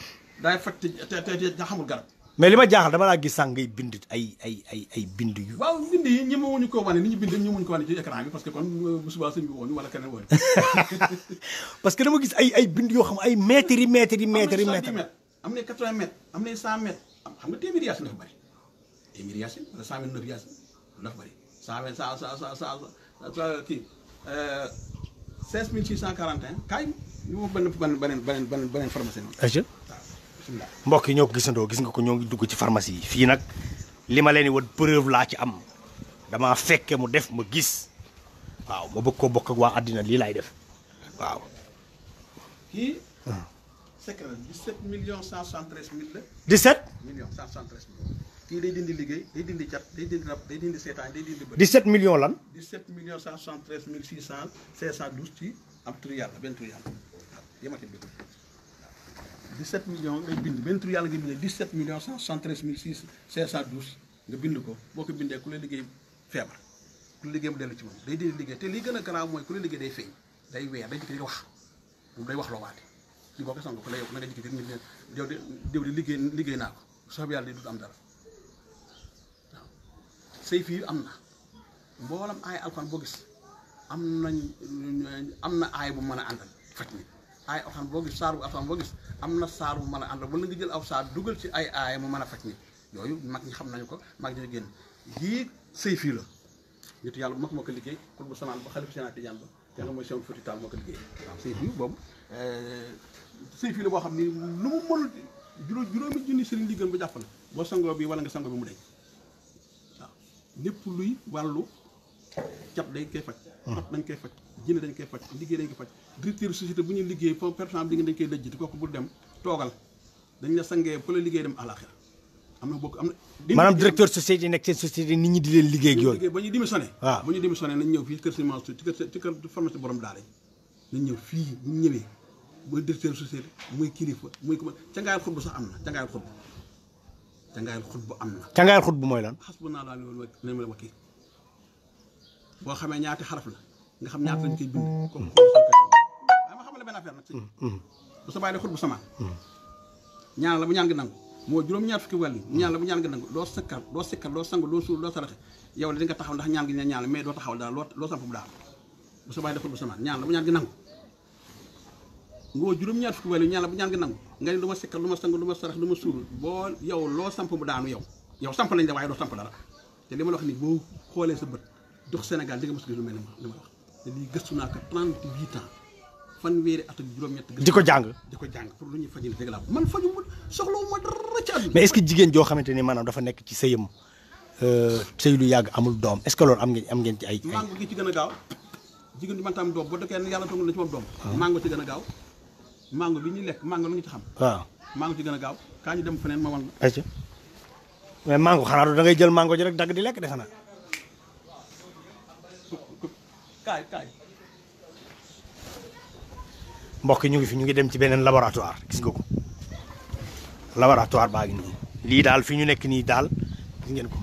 daay faj te te te xamul garab mais li ma jaaxal dama laa gis sànq ngay bind ay ay ay ay bind yu. waaw bind yi ñemewuñu ko wane ni ñu bind ñemewuñu ko wane ci écran bi parce que kon euh, bu subaa sëñ bi woon wala keneen woon. parce que dama gis ay ay bind yoo xam ay mètres yi mètres yi mètres yi mètres. am na 80 mètres am na 100 mètres am xam nga téeméeri yaasin dafa bëri téeméeri yaasin wala 129 yaasin dafa bëri 120 100 100 100 100 kii 15641 euh, kaay ñu woo benn benn beneen beneen beneen pharmacien. mbokk yi ñoo ko gisandoo gis nga ko ñoo ngi dugg ci pharmacie yi fii nag li ma leen di wan preuve laa ci am damaa fekke mu def ma gis waaw ma bëgg koo bokk waa àddina lii laay def waaw. kii. Ah. secret 17 millions 173 mille la. 17. millions 173 mille. kii day dindi liggéey day dindi cat day dindi rab day dindi seetaan day dindi bët. 17 millions lan. 17 millions mille 600 512 ci am tur yàlla benn tur 17 million ngay bind benn tur yàlla nga bindee 17 millions 173 mille 6 512 nga bind ko boo ko bindee ku la liggéey feebar ku la liggéey mu dellu ci moom day dee liggéey te li gën a garaaw mooy ku la liggéey day day weer day jikki di wax moom day wax loo waate li ko sanga ko lay yokk na nga jikki di nit diw di diw di liggéey naa ko soob yàlla di dut am dara waaw say fii am na mboolam aay alxuraan boo gis am nañ am na aay bu mën a àndal faj mi aay alxuraan boo gis saar bu alxuraan boo gis am na saar bu man a ànd wala nga jël aw saar dugal ci ay aaya mu man a faj nit yooyu mag ñi xam nañu ko mag ñi génn yii sëy fii la nitu yàlla bu mag moo ko liggéey kul bu samaan ba xalifa sénaati jàll te nga mooy seen foti taal moo ko liggéey sëy fii boobu euh, sëy fii la boo xam ni lu mu mënul juróomi junni sëriñ li gën ba jàppal boo sangoo bi wala nga sangoo bi mu deñ waaw lépp luy wàllu cap day koy jënd dañ koy faj liggéey dañ koy faj directeur société bu ñu liggéey foofu personne liggéey dañ koy lëjjiti kooku bu dem toogal dañ la sangee fa la liggéey dem àlaxira am na bokk am na maanaam directeur société yi nekk seen société nit ñi di leen liggéey ak yooyu ba ñu démissionné waaw ah. ba ñu démissionné nañ ñëw fii kër Serigne Mansour ci kër ci kër pharmacie borom daara ji nañ ñëw fii ñu ñëwee mooy ko cangaayal xutbu sax am na cangaayal xutbu cangaayal xutbu am mooy lan xas bu naa laa loolu lañ ma la wakki boo xamee ñaati xaraf la nga xam ñaata lañ koy bind. comme mm-hmm. xobu sànq waaye la benn affaire nag. Mm-hmm. bu sa bàyyi di xut bu sama. ñaan la bu ñaan nga nangu moo juróom-ñaar fukki wàll mm-hmm. ñaan la bu ñaan nga nangu doo sëkkal doo sëkkal doo sangu doo suur yow la nga taxaw ndax ñaan gi ne ñaan mais doo taxaw daal loo samp daal bu sa bàyyi di xut bu sama ñaan la bu ñaan nga nangu ngoo bu ñaan nangu nga ne ma sëkkal du ma sangu du ma sarax du ma suur boo yow loo samp mu daanu yow yow samp lañ la waaye doo samp dara te li ma la wax ni boo xoolee sa bët dox Sénégal di nga mos lu mel ni ma li ma wax te lii gëstu naa ko trente huit ans at juróom-ñett. di ko jàng di ko jàng pour lu ñuy fajal dëgg laa man faju ma soxlawuma dara ci àdduna. mais joo xamante ni maanaam dafa nekk ci sëyam euh, sëy lu yàgg amul doom est-ce que am ngeen am ngeen ci ay. ay mango ci gën a gaaw jigéen ñi mënta am doom boo dëkkee yàlla dogal na ci moom doom. Ah. mango ci gën a gaaw mango bi ñuy lekk mango lu xam. Ah. mango ci gën a gaaw kaa ñu dem feneen ma wan la. mais mango xanaa da ngay jël mango ji rek dagg di lekk de xanaa mbokki kaay ñu ngi fi ñu ngi dem ci beneen laboratoire gis nga ko laboratoire baa ngi nii lii daal fi ñu nekk nii daal gis ngeen ko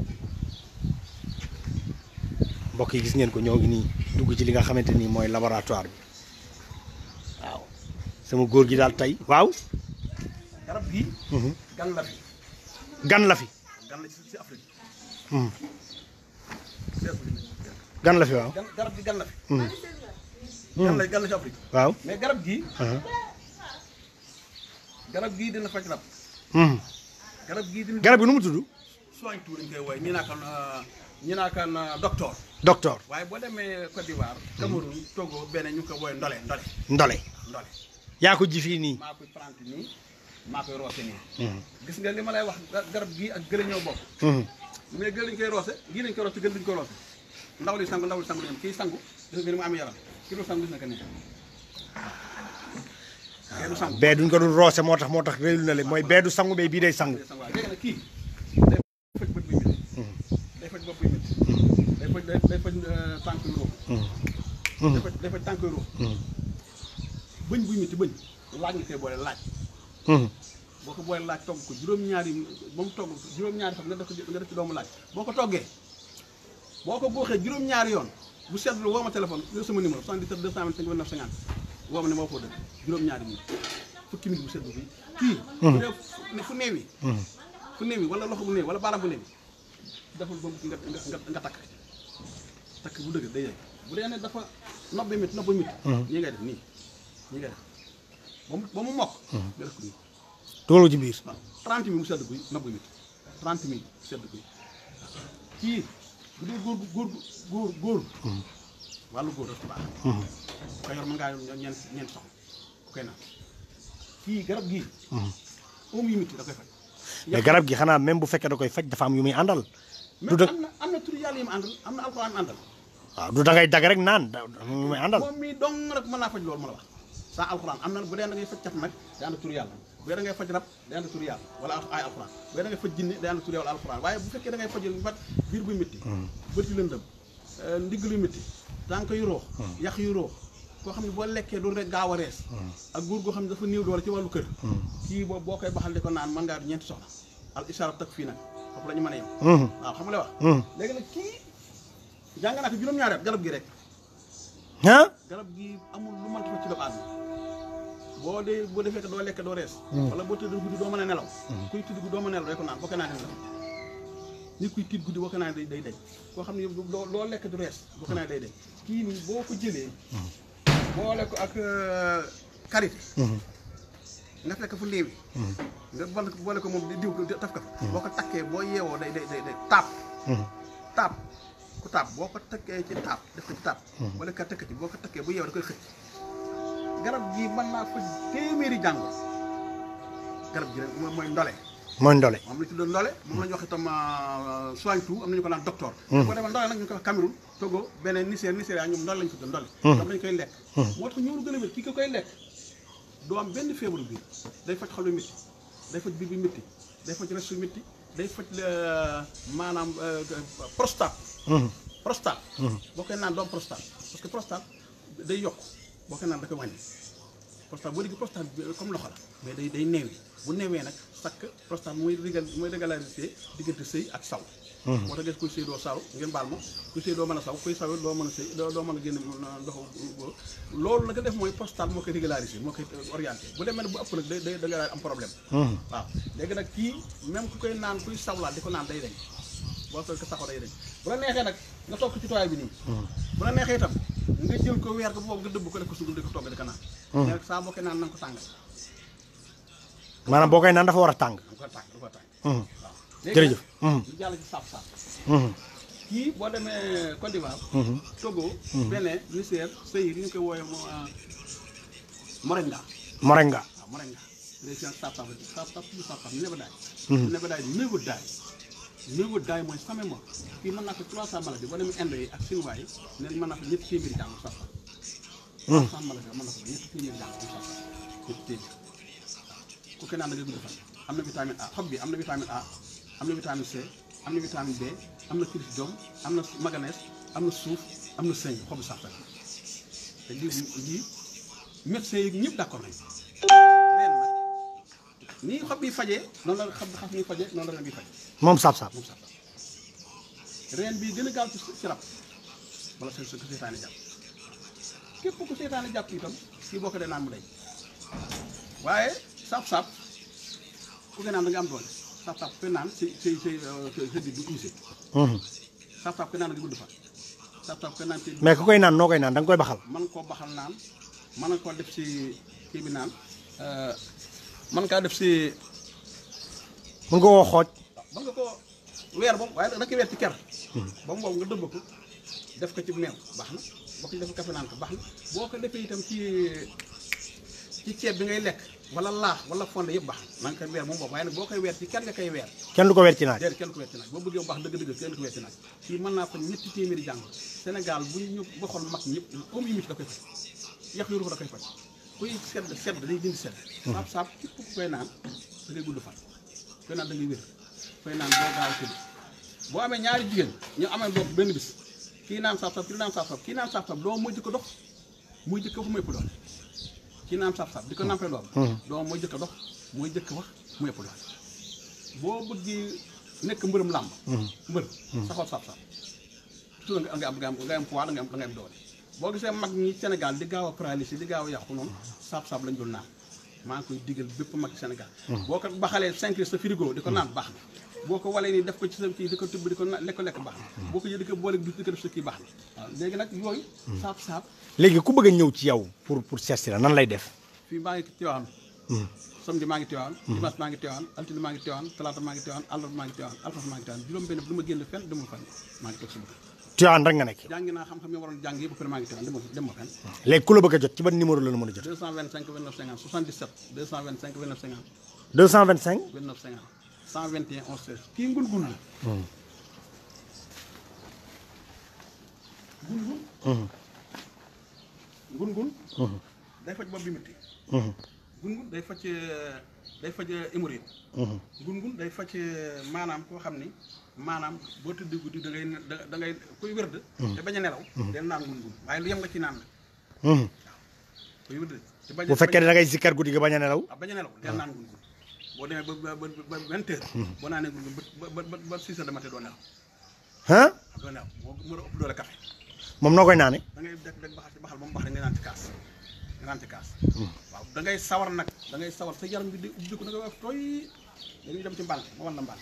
mbokk yi gis ngeen ko ñoo ngi nii dugg ci li nga xamante nii mooy laboratoire bi sama góor gi daal tey waaw garab mhm. gan la fi gan la fi gan la fi waaw garab gi gan la fi. Hmm. gan la gan la fi Afrique. waaw mais garab gii. garab gii dina faj rab. Hmm. gii dina. garab gi nu mu tudd. soigne tout lañ koy woowee ñu naan kan ñu naan kan euh, waaye boo demee Côte d'Ivoire. Hmm. Cameroun Togo beneen ñu ngi koy woowee ndole ndole. ndole yaa ko ji fii nii. maa koy plante nii maa koy roose nii. gis nga li ma lay wax garab gii ak gële ñoo bokk. mais gële lañ koy roose gii lañ koy roose gële lañ koy roose. ndaw li sangu ndaw li sangu la yem kii sangu gis nga ni mu amee yaram kii du sangu gis na ko nii. bee du sangu bee duñ ko dul roose moo tax moo tax réyul na le mooy bee du sangu bee bii day sangu. léegi nag kii day faj bët buy métti. Hmm. day faj bopp buy métti. day faj day faj euh, tànk yu róof. Hmm. day hmm. faj day faj tànk yu róof. bëñ buy métti bëñ laaj nga see boole laaj. boo ko boolee laaj togg ko juróom-ñaari ba mu togg juróom-ñaari fan nga def ko nga def ci doomu laaj boo ko toggee. boo ko góoxee juróom-ñaari yoon bu seetlu woo ma téléphone yooyu sama numéro 77 225 29 50 woo ma ne moo ko dëgg juróom-ñaari minute fukki minute bu seetlu bi kii. Hmm. fu néew yi. Hmm. fu yi wala loxo bu wala baaraam bu néew yi defal ba bu dëgg day bu dee ne dafa nopp bi hmm. mu ba mu mokk. nga def ko nii. toolu ci biir. waaw sedd bi kii. bu dee góor góor góor góor. wàllu góor dafa baax. Hmm. ku koy yor mën ngaa yor ñeent ñeent soxla ku garab gii. Hmm. oom yu métti da koy faj. garab gi xanaa même bu fekkee da koy faj dafa am yu muy àndal. du am na am na tur mu àndal am na alxuraan àndal. waaw ah, du da ngay dag rek naan da yu muy àndal. moom mii dong rek mën naa faj loolu ma la wax. saa alxuraan am na bu dee da ngay faj cat nag te ànd tur yàlla. bu dee da faj rab day ànd tur yàlla wala ay alxuraan bu dee da ngay faj jinne day ànd tur yàlla wala alxuraan waaye bu fekkee da ngay faj fat biir buy métti hmm. bëti lëndëm euh, ndigg luy métti tànk yu roox hmm. yax yu roox koo xam ne boo lekkee doon rek gaaw a rees hmm. ak góor goo xam ne dafa néew doole ci wàllu kër kii boobu boo koy baxal di ko naan mën ngaa ñeenti soxla al isara tak fii nag foofu la ñu mën a yem waaw xam nga la wax léegi nag kii jàng naa ko gi rek garab gi amul lu mën ci doomu boo dee boo defee que doo lekk doo rees. Hmm. wala boo tëddee guddi doo mën a nelaw. Hmm. kuy tëdd guddi doo mën a nelaw rek ko naan bokk naa ne la. nit kuy naa ne day daj koo xam ne doo doo lekk du rees bokk naa ne day kii nii boo ko jëlee. Hmm. boole ko ak euh, karité. nga fekk fu léewi. nga boole ko boole ko moom di diw ko taf ko. boo ko takkee boo yeewoo day day day taap. taap ku taap boo ko takkee ci taap def ko ci taap. wala ka takk ci boo ko takkee bu yeewoo da koy xëcc. garab gii mën naa fa téeméeri jàngoro garab gi rek mooy ndole. mooy ndole moom la ñu tuddee ndole moom la ñu wax itam euh, soigne tout am nañu ko naan docteur. Hmm. bu ko defee ndole nag ñu ko wax Cameroun Togo beneen Niger Nigeria ñoom ndole hmm. la ñu tuddee ndole. daf lañu koy lekk. Hmm. moo tax ñëw lu gën a wér kii ko koy lekk doo am benn feebaru biir day faj xol bi métti day faj biir bi métti day faj res bi métti day faj euh, maanaam euh, prostate. prostate. boo koy naan doo am prostate parce que prostate day yokk. boo ko naan da koy wàññi prostate boo déggee prostate bi comme loxo la mais day day neewi bu neewee nag sakk prostate mooy régal diggante sëy ak saw hmm. moo tax kuy sëy doo saw ngeen baal ma kuy sëy doo mën a saw kuy sawee doo mën a sëy doo mën a génn ndoxu loolu la nga def mooy prostate da nga am problème hmm. di ko naan day dañ boo ko saxoo day dañ bu la neexee nag nga toog ci tuwaay bi nii hmm. bu la neexee itam nga jël ko weer ko boobu nga dëbb ko def ko sugal di ko togg di ko hmm. saa boo koy naan na ko tàngal. maanaam boo koy naan dafa war a tàng. dafa tàng dafa tàng. Hmm. waaw jërëjëf. ñu hmm. jàll ci saaf saaf. kii boo demee Côte d'Ivoire. Togo. Benin Niger Zaïre yi ñu koy woowee euh, moringa. moringa waaw moringa. nebedaay. nebedaay néegu daay. niveau daay mooy sama moom fii mën naa ko 300 mala bi boo demee Inde yi ak Chinois yi neen mën naa ko ñetti téeméeri jàng sax. bi hmm. mën ku kenn naan da ngay gudd am na vitamine A xob bi am na vitamine A am na vitamine C am na vitamine B am na calcium am na manganèse am na suuf am na sëñ xobu sax te lii lii médecins yi ñëpp d'accord nañu nii xob bi fajee noonu la xam xas mi fajee noonu la reen bi fajee. moom saab-saab moom bi gën a gaaw ci ci rab wala seen su ko seetaane jàpp képp ku seetaane jàpp itam kii boo ko naan mu day waaye saab-saab ku koy naan da am doole saab-saab ku koy naan si si si sa digg du uusee. saab-saab mhm. koy naan da nga gudd fan. saab-saab ku koy naan si. mais ku koy naan noo koy naan da koy baxal. mën koo baxal naan mën na koo def si kii bi naan. Euh, mën kaa def si. mën nga woo xooj. mën nga koo weer ba mu waaye nag weer ci ker. Hmm. ba mu wow nga dëbb ko def ko ci meew baax na boo ko defee kafe baax na boo ko defee itam ci ci ceeb bi ngay lekk wala laax wala fonde yëpp baax na nga koy weer moom boobu waaye nag boo koy weer ci kenn nga koy weer. kenn du ko weer ci naaj. boo bëggee bu dëgg-dëgg kenn du ko weer ci naaj fii mën naa ko ñetti téeméeri jàng Sénégal bu ñu ñu waxoon mag ñëpp oom yu mucc da koy faj yàq yu da koy faj. kuy sedd sedd day dindi sedd. saab saab képp koy naan da gudd fan koy naan da wér koy naan boo gaaw tëdd amee ñaari jigéen ñu amee bopp benn bis kii naan saab saab kii naan saab saab kii naan saab saab jëkk fu muy ëpp naan saab saab di ko hmm. nampee lool. Hmm. doo mooy jëkk dox mooy jëkk wax muy ëpp doole boo bëggee nekk mbërëm làmb. Hmm. mbër saxoon saab saab. surtout nga am nga am nga am poids da am da nga boo gisee mag ñi Sénégal di gaaw a paralysie di gaaw a yàqu noonu saab-saab lañ dul naan maa ngi koy digal bépp mag Sénégal hmm. boo ko baxalee cinq sa frigo di ko naan baax na boo ko walee nii def ko ci sa kii di ko tibb di ko lekk baax na hmm. boo ko jël di ko boole di ko def sa kii baax na waaw léegi nag yooyu hmm. saab saab léegi ku bëgg a ñëw ci yaw pour pour seet si la nan lay def fii maa ngi Tiwaawan samedi maa ngi Tiwaawan dimanche maa ngi Tiwaawan altine maa Tiwaan rek nga nekk. jàng naa xam-xam yi waroon jàng yëpp maa ngi Tiwaan dem dem ku la bëgg a jot ci ban numéro la la mën a jot. 225 29 50 77 225 29 50. 225. 29 50 121 11 13 kii ngul ngul la. ngul ngul. ngul ngul. day faj bopp bi métti. ngul hmm. ngul day faj euh, day faj euh, hémorroïde. Hmm. ngul day faj euh, maanaam koo xam ni. maanaam boo tëdd guddi da ngay da ngay kuy wërd hmm. te bañ a nelaw hmm. den naan ngun ngun waaye lu yem nga ci naan la hmm. waaw kuy wërd bu fekkee ne da ngay sikkar guddi bañ a nelaw bañ a nelaw den naan ngun ngun boo demee ba ba ba vingt heures boo ba ba ba six heures de matin doo nelaw ah doo nelaw moo mën moom noo koy naane da ngay def dek baxal ci baxal moom bax rek nga naan ci kaas nga naan ci kaas waaw da ngay sawar nag da ngay sawar sa yaram bi di ubbi ko da nga wax tooy dañuy dem ci mbànk ma wan la mbànk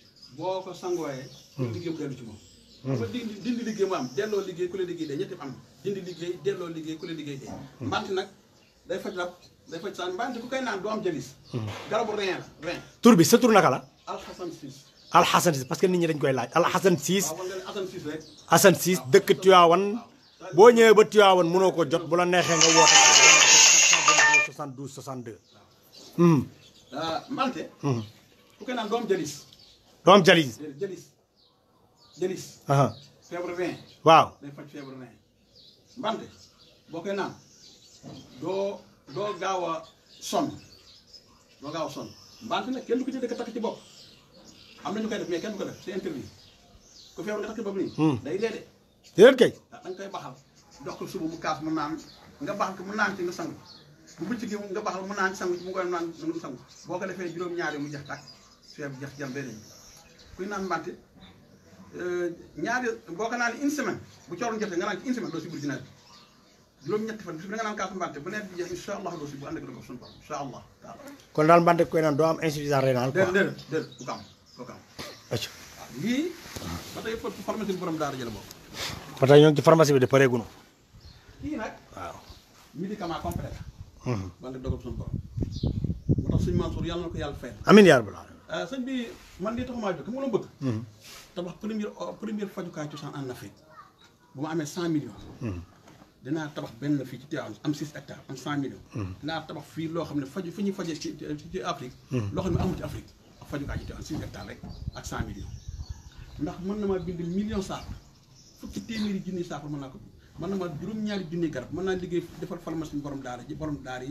boo ko sangooyee. Hmm. liggéey hmm. dindi liggéey mu am delloo liggéey ku la liggéey dee ñetti am dindi liggéey delloo liggéey ku la liggéey dee. màtt hmm. nag day faj rab faj saan mbaante ku koy naan doo am la rein. tur parce que nit ñi dañ koy laaj alxasan siis. waaw alxasan siis rek. alxasan boo ñëwee ba Tivaouane mënoo ko jot bu la neexee nga doo am jalis. jalis jalis. feebar rein. waaw day faj feebar rein. mbante boo koy naan doo doo gaaw a sonn doo gaaw a sonn mbante nag kenn du ko ci dëkk takk ci bopp am na ñu koy def mais kenn du ko def c'est interdit ku feebar nga takk ci bopp nii. Hmm. day dee de. déedéet kay. Ah, da nga koy baxal dox ko suba mu kaas mu naan nga baxal ko mu naan ci nga sangu bu bëcc gi nga baxal mu naan sangu ci mu koy naan mu sangu boo ko defee juróom-ñaari mu jeex tàkk feeb jeex jam kuy naan mbànte euh, ñaari boo ko naan une semaine bu cooroon jotee nga naan ci doo si bur ci juróom-ñetti fan bis bi da nga naan kaasu mbànte bu si bu ànd kon daal mbànte koy naan doo am insuffisance rénale quoi déedéet bu ko am bu ko lii ba tey foofu pharmacie bi borom bu ànd ak dogal suñu yàlla na ko yàlla fayal amiin yaa rabbal Euh, sañ bi man lii taxumaa jóg xam nga la bëgg hmm. tabax première première fajukaay cosaan en Afrique bu ma amee cent millions hmm. dinaa tabax benn fii ci Tivaouane am six hectares am cent millions hmm. dinaa tabax fii loo xam ne faju fi ñuy fajee ci ci Afrique loo xam ne amul ci Afrique ak fajukaay ci Tivaouane six hectares rek ak cent millions ndax mën na maa bind million saafara fukki téeméeri junni saafara mën naa ko bind mën na maa juróom-ñaari junni garab mën naa liggéey defal pharmacie borom daara ji borom daara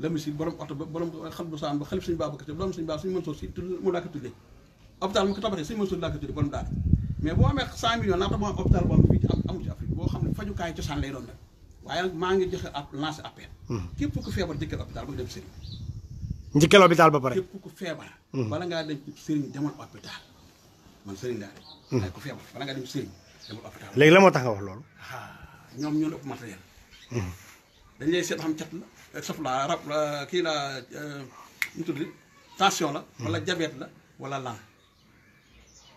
lami si borom oto ba borom xam bu saan ba xalif suñu Babacar Si borom suñu Babacar suñu Mansour si tudd mu laa ko tuddee hôpital mu ko tabaxee suñu Mansour laa ko tuddee borom daal mais boo amee 100 millions naa tax boo am hôpital boo fii ci am amu ci Afrique boo xam ne fajukaay cosaan lay doon nag waaye maa ngi joxe ab lancé hmm. képp ku feebar njëkkal hôpital ba nga dem sëriñ njëkkal hôpital ba pare képp ku feebar hmm. bala ngaa dem sëriñ demal hôpital man sëriñ daal hmm. waaye ku feebar bala ngaa dem sëriñ demal hôpital léegi la moo tax nga wax ah, ñoom ñoo ëpp matériel dañ lay seet xam cat la sof la rab kii la ñu euh, tudd tension la wala diabète hmm. la wala lan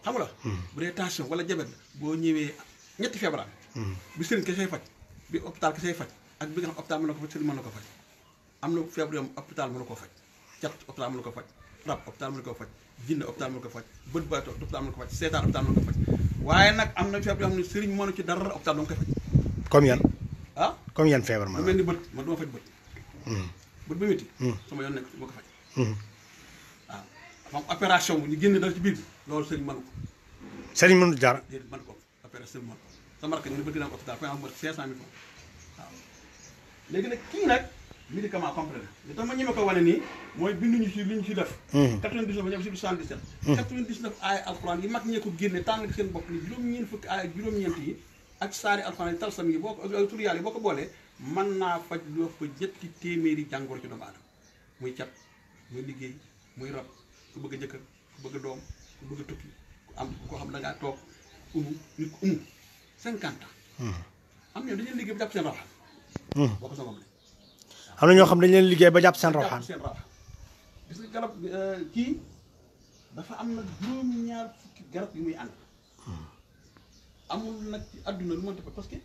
xam nga hmm. bu dee tension wala diabète la boo ñëwee ñetti feebar hmm. bi sëriñ ke say faj bi hôpital ke say faj ak bi nga xam hôpital mën ko faj mën na ko faj am na feebar yoo xam hôpital ko faj cat hôpital mën ko faj rab ko faj jinne hôpital mën na ko faj bët bato hôpital mën na ko faj seetaan hôpital mën na ko faj waaye nag am na feebar yoo xam ne ma mënu ci dara hôpital doo nga koy faj comme yan ah comme yan feebar ma lu mel ni bët man du faj bët bët ba métti hmm. sama yoon nekk ci moo ko faj waaw hmm. ah. dafa am bu ñu génne dara ci biir loolu seen mënu ko sëriñ mënu dara déedéet mënu ko opération ñu ne bëgg naa ko hôpital fay am mat cinq cent mille francs waaw léegi nag kii nag médicament la li ma ñeme ko wane nii mooy binduñu ci li ñu def 99 ba ñëw ci 77 aaya alxuraan yi mag ñee ko génne tànn seen bopp ni juróom-ñeent fukki aaya juróom-ñeent yi ak saari alxuraan yi talsam yi boo ko tur yi boo ko boolee mën naa faj lu ëpp ñetti téeméeri jàngoor ci doomu aadama muy cat muy liggéey muy rab ku bëgg a jëkkër ku bëgg a doom ku bëgg a tukki ku am ko xam ne ngaa toog umu nit umu cinquante hmm. am na dañuy liggéey ba jàpp seen raxaan. boo ko ñoo xam dañu leen liggéey ba jàpp seen raxaan hmm. seen raxaan garab euh, kii dafa am nag juróom-ñaar fukki garab yi muy ànd. Hmm. amul nag ci àdduna lu ma parce que.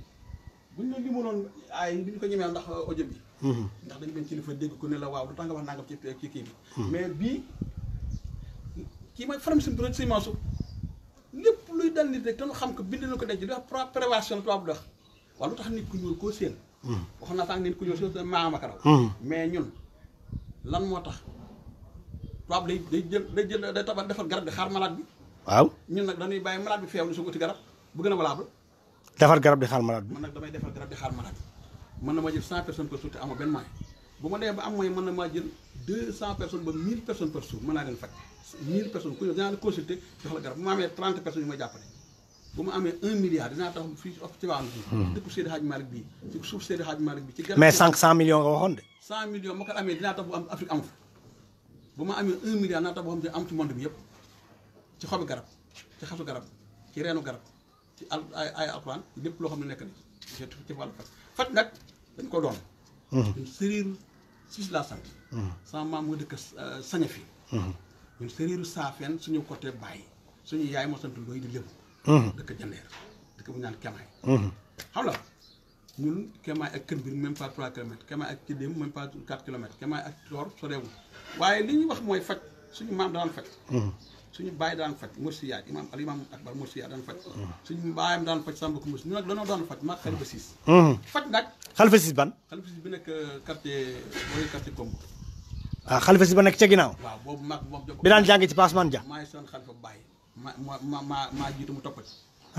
bu buñ la limaloon ay duñ ko ñemee ndax audio bi. Mhm. ndax dañu leen kilifa dégg ko ne la waaw lu tax nga wax nangam ci kii mhm. mais bii kii mooy faram si biir si maasu lépp xam ko bind na ko denc di wax prévention tubaab dox tax nit ku ñuul koo séen. Mhm. wax na sànq nit ku mais ñun lan moo tax tubaab day day jël day jël day tabax defar garab bi xaar malade bi. waaw ñun nag dañuy bàyyi malade bi feew ni su ko uti garab bu gën a valable. defar garab di xaar malade bi. man nag damay defar garab di xaar malade mën na ma jël cent personnes par te amoo benn moyen bu ma demee ba am moyen mën na maa jël deux cent personnes ba mille personnes par jour mën naa leen faj mille personnes ku ñëw dinaa la consulter jox la garab bu ma amee trente personnes yu ma jàppale. bu ma amee dinaa tax fii of ci wàllu suuf. Hmm. dëkku Seydi Hadj Malick bii ci suuf Seydi Hadj bu am Afrique amu fa bu ma amee un milliard dinaa tax boo xam ne am ci monde bi yëpp ci xobi garab ci xasu garab ci reenu garab ci al ay ay alxuraan lépp loo xam ne nekk na ci ci wàllu faj faj nag dañ ko doon. Mhm. ñun séeréer siis laa sant. Mhm. sama maam moo dëkk euh, saña fi. Mhm. ñun séeréeru saafeen suñu côté bàyyi suñu yaay moo sant looy di lébu. dëkk jandeer dëkk bu ñaan kemaay. xam la ñun kemaay ak kën bir même pas trois kilomètres kemaay ak Tidem même pas quatre kilomètres kemaay ak Toor sorewul waaye li ñuy wax mooy faj suñu maam daan faj. suñu bàyyi daan faj mursiyaat imaam al imaam akbar mursiyaat daan faj suñu bàyyam daan faj sàmba ko mursi daan faj maag xalifa siis mhm. faj nag xalifa siis bi nekk quartier booy quartier ah, ba nekk ca ginnaaw waaw boobu maag moom bi daan jàngi ci Passeman Dia maay son xalifa bàyyi ma ma ma maa jiitu mu toppati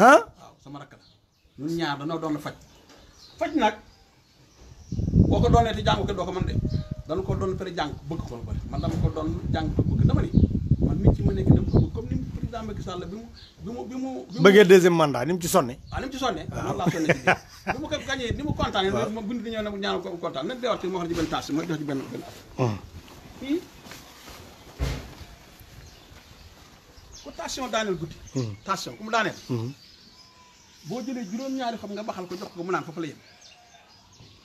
ah waaw sama rakk la ñun ñaar doon faj faj nag boo ko doonee te jàng ko doo ko mën de danu ko doon pare jàng bëgg ko la bëri man dama ko doon jàng ko bëgg dama ni wax nit ci ma nekk dama bëgg comme ni président Macky Sall bi mu bi mu bi mu bëggee deuxième mandat ni mu ci sonne waaw ah, ni mu ci sonne noonu laa sonne ci bi mu ko gagné ni mu kontaan ma bind di ñëw nag ñaanal ko kontaan nag deewarte ma wax ci benn tâche ma jox ci benn benn affaire fii ku tension daaneel guddi tension ku mu daaneel boo jëlee juróom-ñaari xam nga baxal ko jox ko mu naan foofu la yem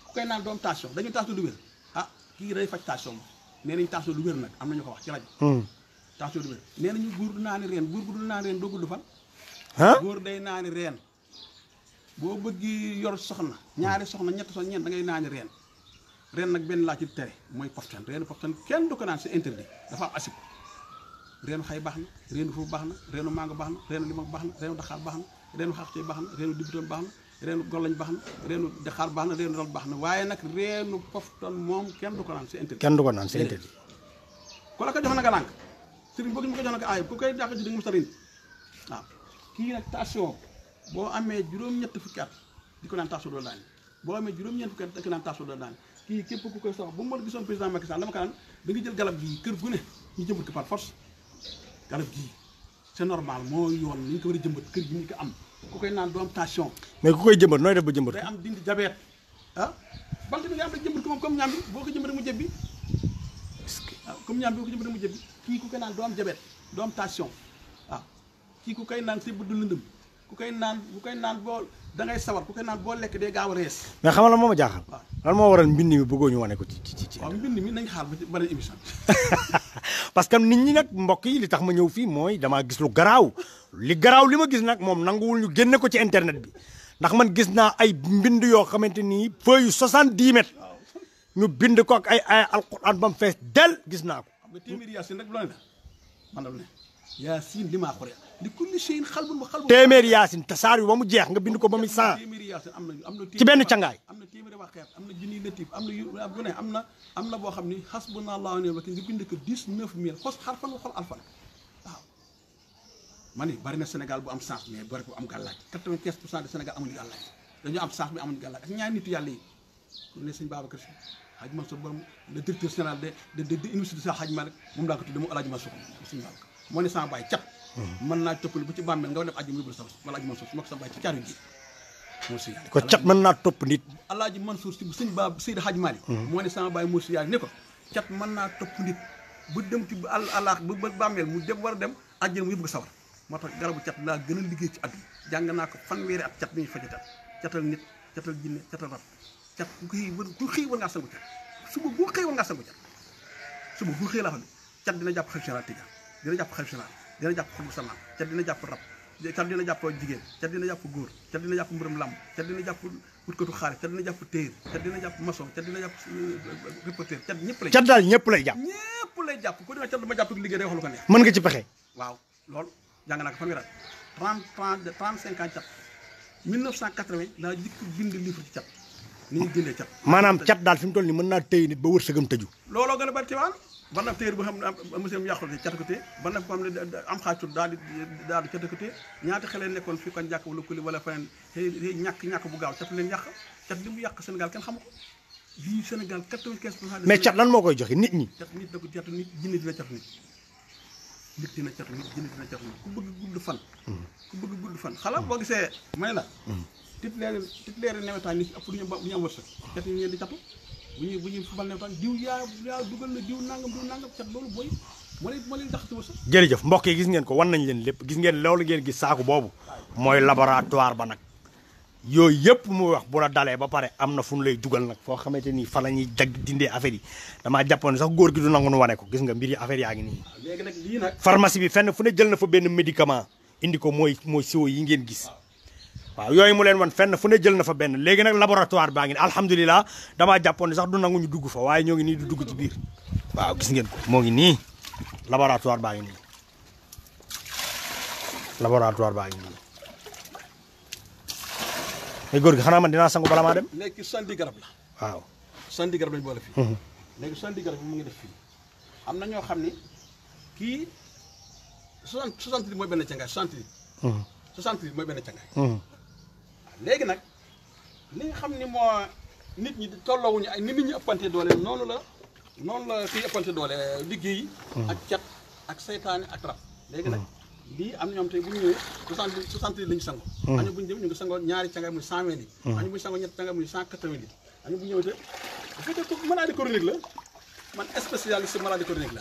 ku koy naan doom tension dañu tension du wér ah kii day faj tension ma nee nañ tension du wér nag am nañu ko wax ci rajo tax coo dumee nee nañu góor du naani reen góor gu dul naani reen doo gudd fan góor day naani reen boo bëggee yor soxna ñaari soxna ñett soxna ñeent da ngay naani reen reen nag benn laa ci tere mooy poftan reenu poftan kenn du ko naan c'est interdit dafa am asib reenu xay baax na reenu foofu baax na reenu mango baax na reenu limon baax na reenu daxaar baax na reenu xaxtee baax na reenu dibutoon baax na reenu golañ baax na reenu daxaar baax na reenu dal baax na waaye nag reenu poftan moom kenn du ko naan c'est interdit kenn du ko naan c'est interdit ku la jox na nga sëriñ boo gis ñu ko jox na aay ku koy dàq ji boo amee juróom-ñett fukki at ko naan tension doo daan boo amee juróom-ñett fukki at di ko naan tension doo daan kii képp ku koy soxla bu ma gisoon président Macky Sall dama ko naan da nga jël garab ne ñu jëmbat ko par force garab normal moo yoon ni ñu ko war a jëmbat kër gi ñu ko am ku koy naan doo am tension mais ku koy jëmbat nooy def ba jëmbat am dindi jabeet ah bant bi nga am ko moom comme bi boo ko jëmbat mu jëbbi waaw ah, boo ko jëmbat mu jëbbi kii ku koy naan doo am jabet doo am tension kii ku koy naan tëbb du lëndëm ku koy naan ku koy naan boo da ngay sawar ku koy naan boo lekk day gaaw a rees mais xamal la moo ma jaaxal lan moo waral mbind mi bëggoo ñu wane ko ci ci ci waaw mi nañ xaar ba ci parce que nit ñi nag mbokk yi li tax ma ñëw fii mooy damaa gis lu garaaw li garaaw li ma gis nag moom nanguwul ñu génne ko ci internet bi ndax man gis naa ay mbind yoo xamante nii feuille yu soixante-dix mètres ñu bind ko ak ay ay alquran ba mu fees del gis naa ko xam nga téeméeri yaasin rek loolu la man la lu ne yaasin li maa xure li kulli shay'in xalbun wa xalbun yaasin te saar ba mu jeex nga bind ko ba mu cent am na am na ci benn cangaay am na téeméeri waxeet am na junniy latif am na yu ne am boo xam ni hasbunallahu wa ni'mal wakiil nga bind ko dix-neuf mille xos xarfan wa xol alfan waaw ma ni bari na Sénégal bu am chance mais bari bu am gàllaaj quatre-vingt-quinze pour cent de Sénégal amuñu gàllaaj dañu am chance mais amuñu gàllaaj ak Hadj Mansour borom le directeur général de de de université de Hadj Malick moom laa ko tuddee mu El Hadj Mansour Sëñ Malick moo ne sama baay cat mën naa toppali bu ci bàmmeel nga war def ajju mu yóbbul sama wala Hadj Mansour su ma ko sama baay ci caaru ji moo si ko cat mën naa topp nit El Hadj Mansour si sëñ ba Seydou Hadj Malick moo ne sama baay moo si yaay ne ko cat mën naa topp nit bu dem ci àll àllaax bu ba bàmmeel mu dem war a dem ajjal mu yóbbu ko sawar moo tax garabu cat laa gën a liggéey ci àdduna jàng naa ko fanweeri at cat bi ñuy fajatal catal nit catal jinne catal rab te ku xëy ku xëy war ngaa sàmm cat suba bu xëy war ngaa sàmm cat suba bu xëy jàpp xel général tijaan dina jàpp xel général dina jàpp xol bu samaan cat dina ñëpp lay cat daal ñëpp lay jàpp ko lay jàpp ku dina cat dama jàpp liggéey day wax lu ko neex mën nga ci pexe waaw loolu jàng naa ko fanweer at 30 35 ans cat 1980 laa jëkk bind livre ci cat ni ñuy dindee maanaam cat daal fi mu toll nii mën naa téye nit ba wërsëgam tëju looloo gën a bari tiwaan ban ab téer boo xam ne monsieur yàqute cat ko téye ban ab xam ne am xaacul daal di daal di cat ko téye ñaata xale nekkoon fii kon jàkk wala kuli wala feneen ñàkk ñàkk bu gaaw cat leen yàq cat li mu yàq Sénégal kenn xamu ko lii Sénégal 95 pour lan moo ko catu nit jinne dina catu nit nit dina catu nit jinne dina catu nit ku bëgg gudd fan hmm. ku bëgg gudd fan xalaat boo may la hmm. titulaire titulaire nawetaan diw yaa dugal na diw nangam diw nangam cat loolu booy moo leen moo leen tax ci wërsëg jërëjëf mbokk yi gis ngeen ko wan nañ leen lépp gis ngeen loolu ngeen gis saaku boobu mooy laboratoire ba nag yooyu yëpp muy wax bu la dalee ba pare am na fu nu lay dugal nag foo xamante ni fa la ñuy dagg dindee affaire yi damaa jàppoon sax góor gi du nangu nu wane ko gis nga mbir yi affaire yaa ngi nii. léegi nag lii pharmacie bi fenn fu ne jël na fa benn médicament indi ko mooy mooy siwo yi ngeen gis waaw yooyu mu leen wan fenn fu ne jël na fa benn léegi nag laboratoire baa ngi ne alhamdulilah damaa jàppoon ne sax du nangu ñu dugg fa waaye ñoo ngi nii du dugg ci biir waaw gis ngeen ko moo ngi nii laboratoire baa ngi nii laboratoire baa ngi nii mais góor gi xanaa man dinaa sangu bala maa dem. léegi garab la. waaw sandi garab lañ boole fii. Mhm. mu ngi def fii am na ñoo xam ni kii soixante soixante mooy benn cangaay soixante. Mhm. soixante mooy benn cangaay. Mhm. léegi nag ni nga xam ni moo nit ñi tolloowuñu ay ni nit ñi ëppante doole noonu la noonu la fii ëppante doole liggéey hmm. ak cat ak saytaane ak rab léegi nag hmm. lii am na ñoom tey bu ñu ñëwee soixante soixante litres la ñu sango hmm. añu bu ñu dem ñu ngi sango ñaari cangaay muy cent vingt litres añu bu ñetti cangaay muy cent quatre vingt litres añu bu te bu fekkee maladie chronique la man spécialiste maladie chronique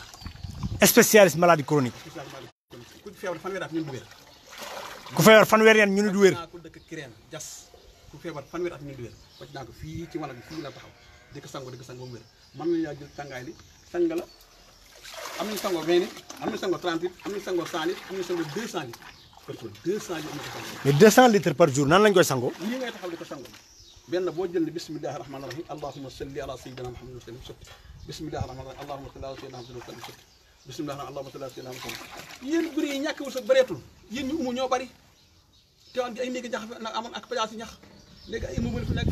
la spécialiste maladie chronique ku feebar ñun du ku feebar fanweeri at ñu ne du wér. ku dëkk Kirène Diass ku feebar fanweeri at ñu ne du naa ko fii ci wàll bi fii la taxaw di ko sango di ko sango wér mën nañu laa jël tàngaay li sang la am nañu sango 20 litres am nañu sango 30 litres am nañu sango 100 litres am nañu sango nan lañu koy sango. lii ngay taxaw di ko benn boo jël ne bismillahi rahmaani rahim allahumma salli ala sayyidina muhammadin wa sallim sotti bismillahi rahmaani rahim allahumma salli ala sayyidina muhammadin wa sallim sotti bisimilah allahumma salli ala sayyidina Muhammad yéen guri yi ñàkk wërsëg bëreetul yéen ñu ñoo bari teewaan gi ay néegi ñax nag amoon ak pajaas yi ñax léegi ay immeuble fi nekk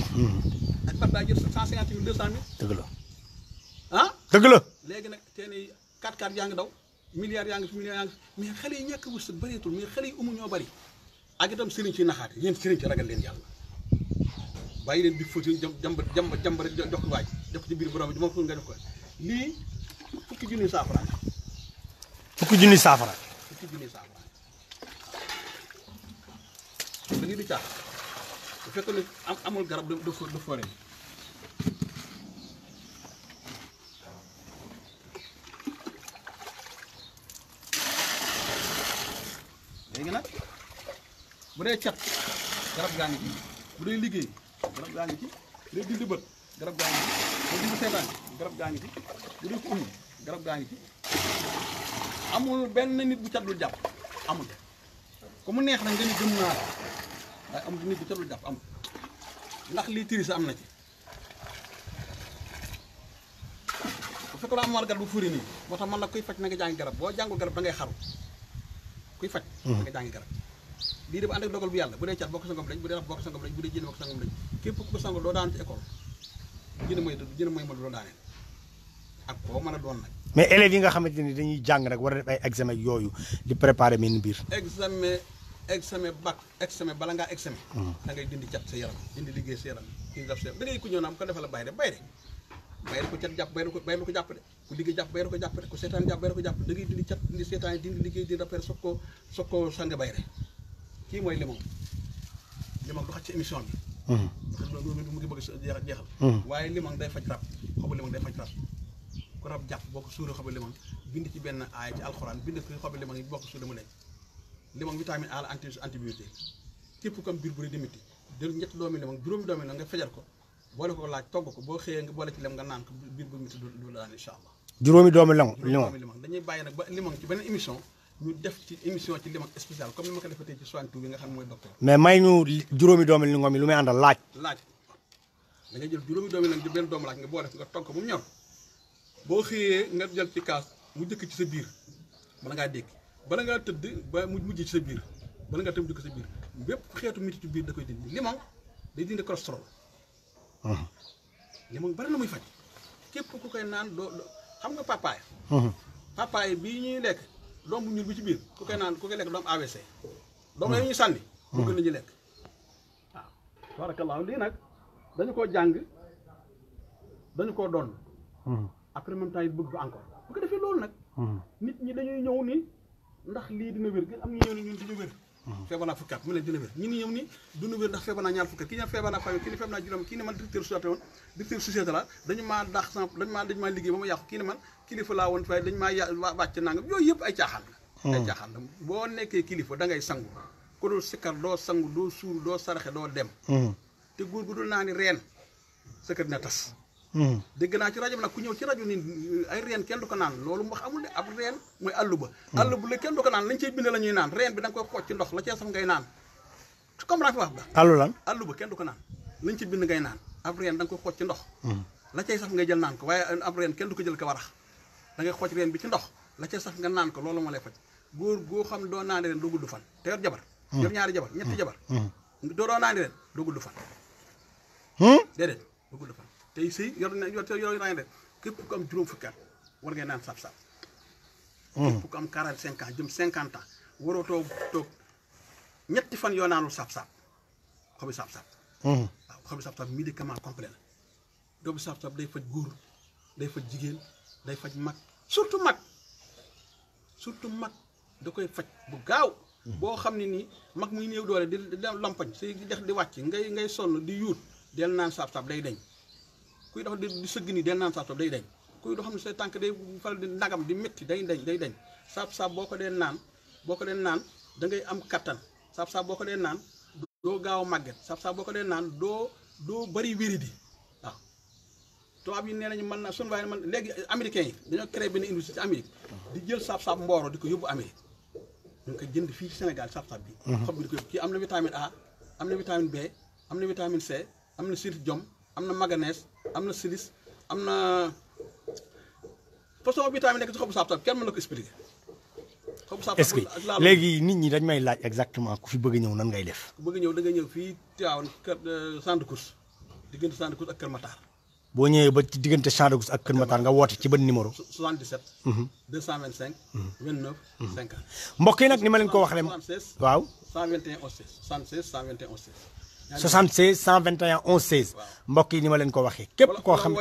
ak bat daa jël cent cinquante mille deux cent mille dëgg la léegi nag teen yi quatre yaa ngi daw milliards yaa ngi fi milliards yaa ngi mais xale yi ñàkk wërsëg bëreetul mais xale yi umu ñoo bari ak itam sëriñ ci naxaate yéen sëriñ ci ragal leen yàlla bàyyi leen di fóoti jàmb jàmb jàmb rek jox ko waaj def ko ci biir borom bi ma ko nga def ko lii fukki junni saafara fukki junni saafara. fukki junni saafara ba ngi du caax bu fekkoon ne amul garab du du fore léegi nag bu dee cat garab gaa ngi ci bu dee liggéey garab gaa ngi ci bu dee dindi bët garab gaa ngi ci bu dee dindi garab gaa ngi ci amul benn nit bu catul jàpp amul ku mu neex na nga ni gëm naa la waaye amul nit bu catul jàpp amul ndax lii tiri sa am na ci bu fekkoon am war garab bu furi nii moo tax man la kuy faj na nga jàngi garab boo jàngul garab da ngay xaru kuy faj na hmm. nga jàngi garab lii de bu ànd ak dogal bu yàlla bu dee cat bokk sangam lañ bu dee rab bokk sangam lañ bu dee jinn bokk sangam lañ képp ku ko sangul doo doo daaneel ak koo mën a doon nag. mais élèves yi nga xamante ni dañuy jàng rek war a def ay examen yooyu di préparer mel ni biir. examen examen bac examen bala ngaa examen. Hmm. da ngay dindi cat sa yaram dindi liggéey sa yaram dindi daf sa yaram da ngay ku ko defal ko cat jàpp bay de ko bay de ko jàpp de ku liggéey jàpp bay de ko jàpp de ku seetaan jàpp bay de ko jàpp da ngay dindi cat dindi seetaan dindi liggéey dindi rappel soog koo soog koo sang bay de kii mooy limon limon du xaj ci émission bi. Hmm. a jeexal. Hmm. waaye limon day faj rab xobu limon day faj rab ku rab jàpp boo ko suura xobi limon bind ci benn aay ci alxuraan bind ci xobi limon yi boo ko suura mu nekk limon vitamine A la anti antibiotique képp comme biir bu rëy di métti jël ñetti doomi limon juróomi doomi limon boo nga boole ci lem limon limon yi lu may àndal laaj. laaj da jël juróomi doomi laaj nga boole nga togg ko mu ñor boo xëyee nga jël ci kaas mu jëkk ci sa biir bala ngaa dékki bala ngaa tëdd ba mu mujj ci sa biir bala ngaa tëdd ko sa biir bépp xeetu metit ci biir da koy dindi limon day dindi cholestérol. Uh-huh. limon bari na muy faj képp ku koy naan doo xam nga papaay. Uh-huh. papaay bii ñuy lekk doom bu ñuul bi ci biir ku koy naan ku koy lekk doom AVC. Uh-huh. doom yooyu ñu sànni. mu gën la lekk waaw. barakallahu lii nag dañu koo jàng dañu koo doon. après même temps it bëgg ko encore bu ko defee loolu nag. Hmm. nit ñi dañuy ñëw ni ndax lii dina wér am ñu ñëw ni ñun dina wér. Hmm. feebar naa fukki at mu ne dina wér ñi ndax feebar naa ñaar fukki at kii feebar naa fami kii ne feebar naa juróom kii ne man directeur société dañu maa daax sama dañu maa liggéey ba ma yàqu kii ne man kilifa laa woon fay dañu maa yà wàcc nangam yooyu yëpp ay caaxaan hmm. ay caaxaan la boo nekkee kilifa da ngay sangu ku dul sikkar doo sangu doo suur doo saraxe doo dem te góor gu dul naa ne re sa tas Hmm. dégg naa ci rajo nag ku ñëw ci rajo ni euh, ay reen kenn du ko naan loolu amul de ab reen mooy àll ba hmm. àll bu la kenn du ko naan lañ cey bind la ñuy naan reen bi da nga koy ci ndox la cee saf ngay naan tu comprends wax ba àllu lan àll ba kenn du ko naan lañ ci bind ngay naan ab reen da nga koy ci ndox hmm. la cay saf ngay jël naan waaye euh, ab reen kenn du ko jël ko warax da ngay xooj reen bi ci ndox la cay saf nga naan ko loolu moo lay faj góor goo xam ne doo naani ren doo gudd fan te yor jabar ñaari jabar ñetti jabar doo doo naani ren doo gudd fan déedéet doo gudd tey sëy yor na yor yor naa de képp ku am juróom fukki at war ngay naan sab-sab. Hmm. képp ku am 45 ans jëm 50 ans waroo toog ñetti fan yoo naanul sab-sab xobi sab-sab. Hmm. waaw xobi sab-sab complet la doomu sab-sab day faj góor day faj jigéen day faj mag surtout mag surtout mag da koy faj bu gaaw. Hmm. boo xam ne nii mag muy néew doole di di lompañ si di def di wàcc ngay ngay sonn di yuut del naan sab-sab day deñ. kuy dox di sëgg nii del naan saab day dañ kuy dox xam ne say tànk day faral di nagam di métti day dañ day dañ saab saab boo ko dee naan boo ko dee naan da am kattan saab saab boo ko dee naan doo gaaw a màgget saab saab boo ko dee naan doo doo bëri wéri di waaw yi nee nañu mën na suñu waaye man léegi américains yi dañoo créé benn industrie ci Amérique di jël saab saab mbooro di ko yóbbu Amérique ñu ngi jënd fii ci Sénégal saab saab bi mhm. xob bi di ko yóbbu kii am na vitamine A am na vitamine B am na vitamine C am na sirif jom am na manganèse am na silice am na façon bi tamit nekk ci xobu saab-saab kenn mën na ko expliquer. xobu saab est-ce que léegi nit ñi dañ may laaj exactement ku fi bëgg ñëw nan ngay def. ku bëgg ñëw da ngay ñëw fii Tivaouane kër euh, centre de course diggante centre de course ak Kër Matar. boo ñëwee ba ci diggante champ de course ak Kër Matar nga woote ci ban numéro. 77. 225. 29. mbokk yi nag ni ma leen ko wax rek. waaw 121 16 76 121 16. 76 121 11 16 mbokk yi ni ma leen ko waxee képp koo xam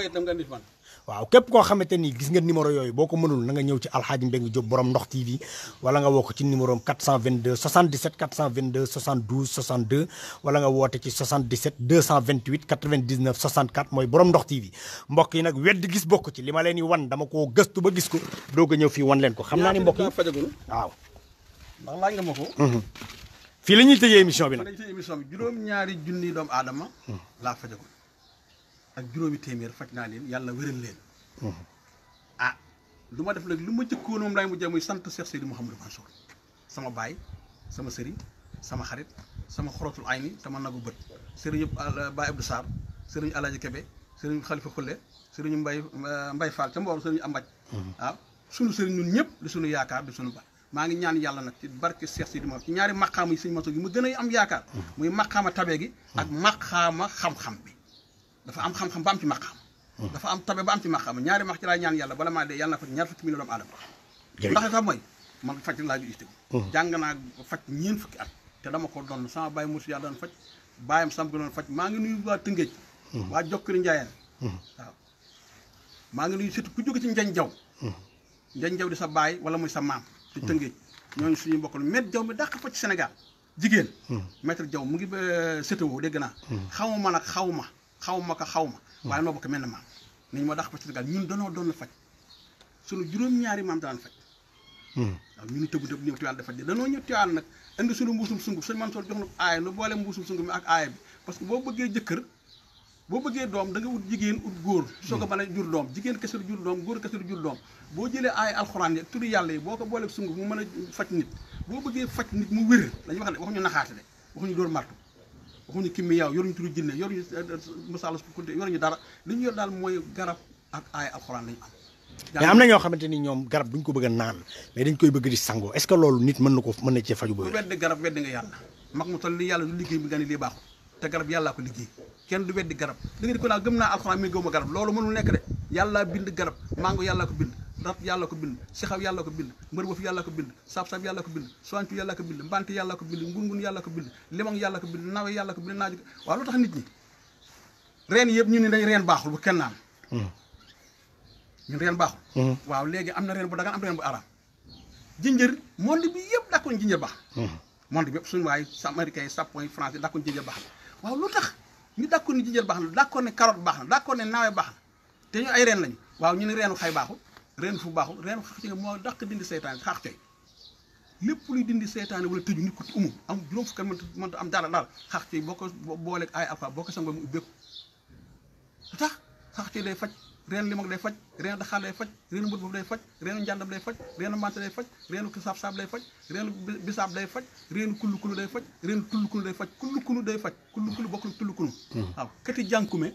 waaw képp koo xamante ni gis nga numéro yooyu boo ko mënul na nga ñëw ci alxaaji Mbengue Diop borom ndox TV wala nga woo ko ci numéro 422 77 422 72 62 wala nga woote ci 77 228 99 64 mooy borom ndox TV mbokk yi nag wedd gis bokk ci li ma leen di wan dama koo gëstu ba gis ko doog a ñëw fii wan leen ko xam naa ni mbokk yi waaw ndax laaj nga ma ko mhm. fii la ñuy tëjee émission bi nag. fii la ñuy tëjee émission bi juróom-ñaari junni doomu aadama. laa fajagoon ak juróomi téeméer faj naa leen yàlla wéral leen. Mm-hmm. ah lu ma def nag lu ma jëkkoon moom laay mujjee muy sant Cheikh Seydou Mouhamadou Mansour sama baay sama sëriñ sama xarit sama xorotul ay ni sama nagu bët sëriñu Baye Abdou Sarr sëriñu Alaaji Kebe sëriñu Khalifa Khoule sëriñu Mbaye Mbaye Fall ca Mbour sëriñu Ambaj. waaw mm-hmm. ah, sunu sëriñ ñun ñëpp di sunu yaakaar di sunu maa ngi ñaan yàlla nag ci barke Cheikh Sidi Mouhamed ci ñaari maqaama yi sëñ Mansour gi mu gën a am yaakaar mm-hmm. muy maqaama tabe gi ak xam-xam dafa am xam-xam ba am ci maqaama mm-hmm. dafa am tabe am ci maqaama ñaari max ci laay ñaan yàlla bala maa dee yàlla na faj ñaar fukki million doomu aadama ndax sax mooy man faj laa mm-hmm. naa faj ñeen fukki at te dama ko doon sama bàyyi mosu yàlla doon faj bàyyam sam ko doon faj maa ngi nuyu waa Tëngéej waa Jokkiri Njaayeen maa ngi nuyu surtout ku jóge ci Njañ Jaw Njañ Jaw di sa baay wala muy sa maam ci tëngéej ñoo suñu mbokk la maître jaw mi dàq fa ci Sénégal jigéen hmm. maître jaw mu ngi euh, sétéo dégg naa hmm. xawma nag xawma ma ko xawma hmm. waaye noo bokk mel na maam nañu ma dàq fa ci Sénégal ñun danoo doon faj suñu juróom-ñaari maam danaan faj waaw ñun tëbu tëb ñëw tiwaal dafa di danoo ñëw tiwaal nag indi suñu mbuusum sunguf suñu man sol jox nu aaya nu boole mbuusum sunguf mi ak aaya bi parce que boo bëggee jëkkër boo bëggee doom da nga wut jigéen ut góor soo ko mën a jur doom jigéen kese du jur doom góor kese du jur doom boo jëlee ay alxuraan yi turi yàlla yi boo ko booleeg sunguf mu mën a faj nit boo bëggee faj nit mu wér dañuy wax ne waxuñu naxaate de waxuñu dóor martu waxuñu kimmi yaaw yoruñu turu eh, eh, dara li ñu yor daal mooy garab ak ay alxuraan lañu am mais am na ñoo xamante ni ñoom garab duñ ko bëgg a naan mais dañ koy bëgg di sangoo est-ce que loolu nit mën na ko mën na cee faju ba wedd garab wedd nga yàlla mag mu toll li yàlla du liggéey yàllaa ko liggéey kenn du weddi garab da di ko naa gëm naa alxuraan mi gëwuma garab loolu mënul nekk de yàllaa bind garab mango yàllaa ko bind rat yàlla ko bind sixaw yàlla ko bind mbër bofu yàlla ko bind sab-sab yàlla ko bind soancu yàlla ko bind mbante yàlla ko bind ngun-ngun yàlla ko bind limon yàlla ko bind nawe yàlla ko bind naaju waaw lu tax ñi reen yëpp ñu ne dañ reen baaxul bu kenn naan ñun reen baaxul waaw léegi am na bu dagan am reen bu araam jinjër monde bi yëpp dakkoon jinjër baax monde suñu waay américain yi sapon yi français dakkoon jinjër waaw lu tax ñu d'accord ni jinjër baax na d'accord ne carotte baax na d'accord ne naawe baax na te ñu ay reen lañu waaw ñu ne reenu xay baaxul reenu fu baaxul reenu xax ci moo dàq dindi seytaane xaax coy lépp luy dindi seytaane wala tëju nit ko umu am juróom fukkan mënta mënta am dara dara xaax coy boo ko boo booleeg ay alfa boo ko sangoo mu ubbeeku lu tax xaax coy day faj reenu limog day faj reenu daxaar day faj reenu mbut boobu day faj reenu njàndam day faj reenu mante day faj reenu saab saab day faj reenu bisaab day faj reenu kullu kullu faj reenu tullu faj kullu kullu faj kullu bokkul tullu kullu waaw kati jànkume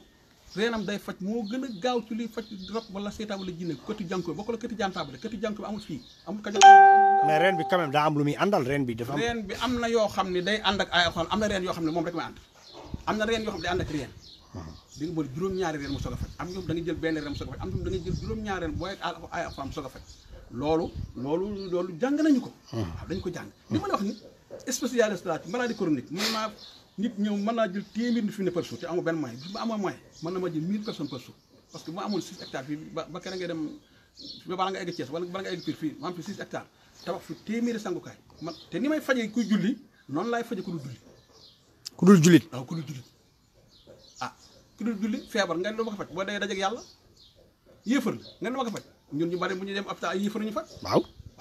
reenam day faj moo gën a gaaw ci luy faj rab wala seetaan wala jinne kati jànkume bokkul kati jantaabale kati jànkume amul fii amul ka mais reen bi daa am lu muy àndal reen bi dafa am reen bi na yoo xam ne day ànd ak ay alxuraan am na reen yoo xam ne moom rek may ànd am na reen yoo xam ne day ànd ak reen di nga bëri juróom-ñaari reen mu soog a faj am ñoom da nga jël benn reen mu a faj am ñoom da nga jël juróom-ñaari reen booy ay alxuraan mu soog a faj loolu loolu jàng nañu ko waaw dañu ko jàng li ma la wax ni spécialiste laa ci maladie chronique ñëw mën naa jël téeméer nit fi ne par jour te amoo benn moyen bi ma amoon moyen mën na ma jël mille personnes par jour parce que bu ma fi six hectares tabax fi téeméeri sangukaay man te ni may fajee kuy julli noonu laay faje ku dul julli ku dul jullit waaw ku dul jullit ku dul julli feebar nga ne doo ma faj boo dee dajeeg yàlla yéefar ñu bari bu ñu dem ab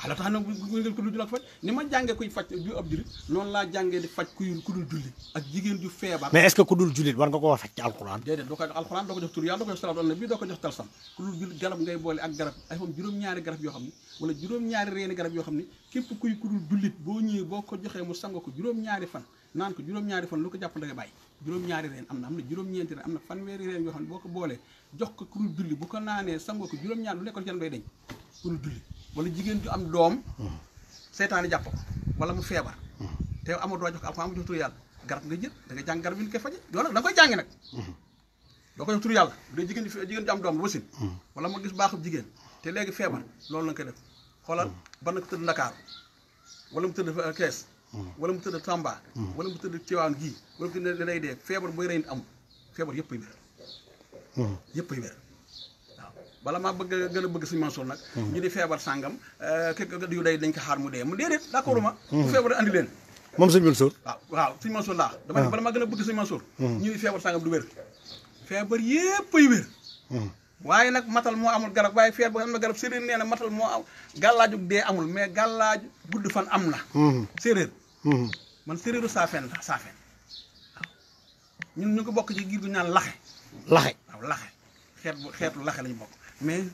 la tax na ngeen ku dul julli ak faj ni ma jàngee kuy faj jullit noonu laa jàngee di faj ku dul julli ak jigéen ju feebar mais est ku dul jullit war nga koo faj ci alxuraan déedéet doo ko alxuraan doo ko jox tur yàlla doo ko jox salaatu ala nabi doo ko jox talsam ku dul jullit garab ngay boole ak garab ay fam juróom-ñaari garab yoo xam ne wala juróom-ñaari képp ku dul jullit boo ñëwee boo ko joxee mu sanga ko juróom-ñaari fan naan ko juróom-ñaari fan lu ko jàpp da nga juróom-ñaari reen am na am na juróom-ñeenti reen am na fanweeri reen yoo xam ne boo ko boolee jox ko ku dul julli bu ko naanee sangoo ko juróom-ñaar lu nekkoon ci yan bay dañ wala jigéen ju am doom seytaane jàpp ko wala mu feebar te amoo doo jox ko am jox turu yàlla garab nga jël da nga jàng garab yi ñu koy faje loolu nag koy jàngi nag doo ko jox turu yàlla bu jigéen ju am doom wasin wala mu gis baaxub jigéen te léegi feebar loolu la nga koy def xoolal ban na ko tëdd Ndakaaru wala mu tëdd kees wala mu tëdd Tamba. wala mu tëdd Tivaouane gii wala mu tëdd lay dee feebar booy rey nit am feebar yëpp ay yëpp ay wér bëgg gën bëgg suñu Mansour nag. ñu di feebar sàngam eh, képp ko xaar mu dee mu déedéet d' accord ma. Hmm. bu feebar andi leen. moom waaw waaw sëñ Mansour laa. Hmm. dama ne bala maa gën a bëgg sëñ Mansour. Hmm. ñu di feebar sàngam du wér. feebar yëpp ay wér. waaye nag matal moo amul garab waaye feer ba am na garab séeréer nee na matal moo am gàllaaju dee amul mais gàllaaju gudd fan am na séeréer man séeréeru saafeen la saafeen waaw ñun ñu ko bokk ci giir gu ñaan laxe laxe waaw laxe xeet bu xeetu laxe lañu bokk mais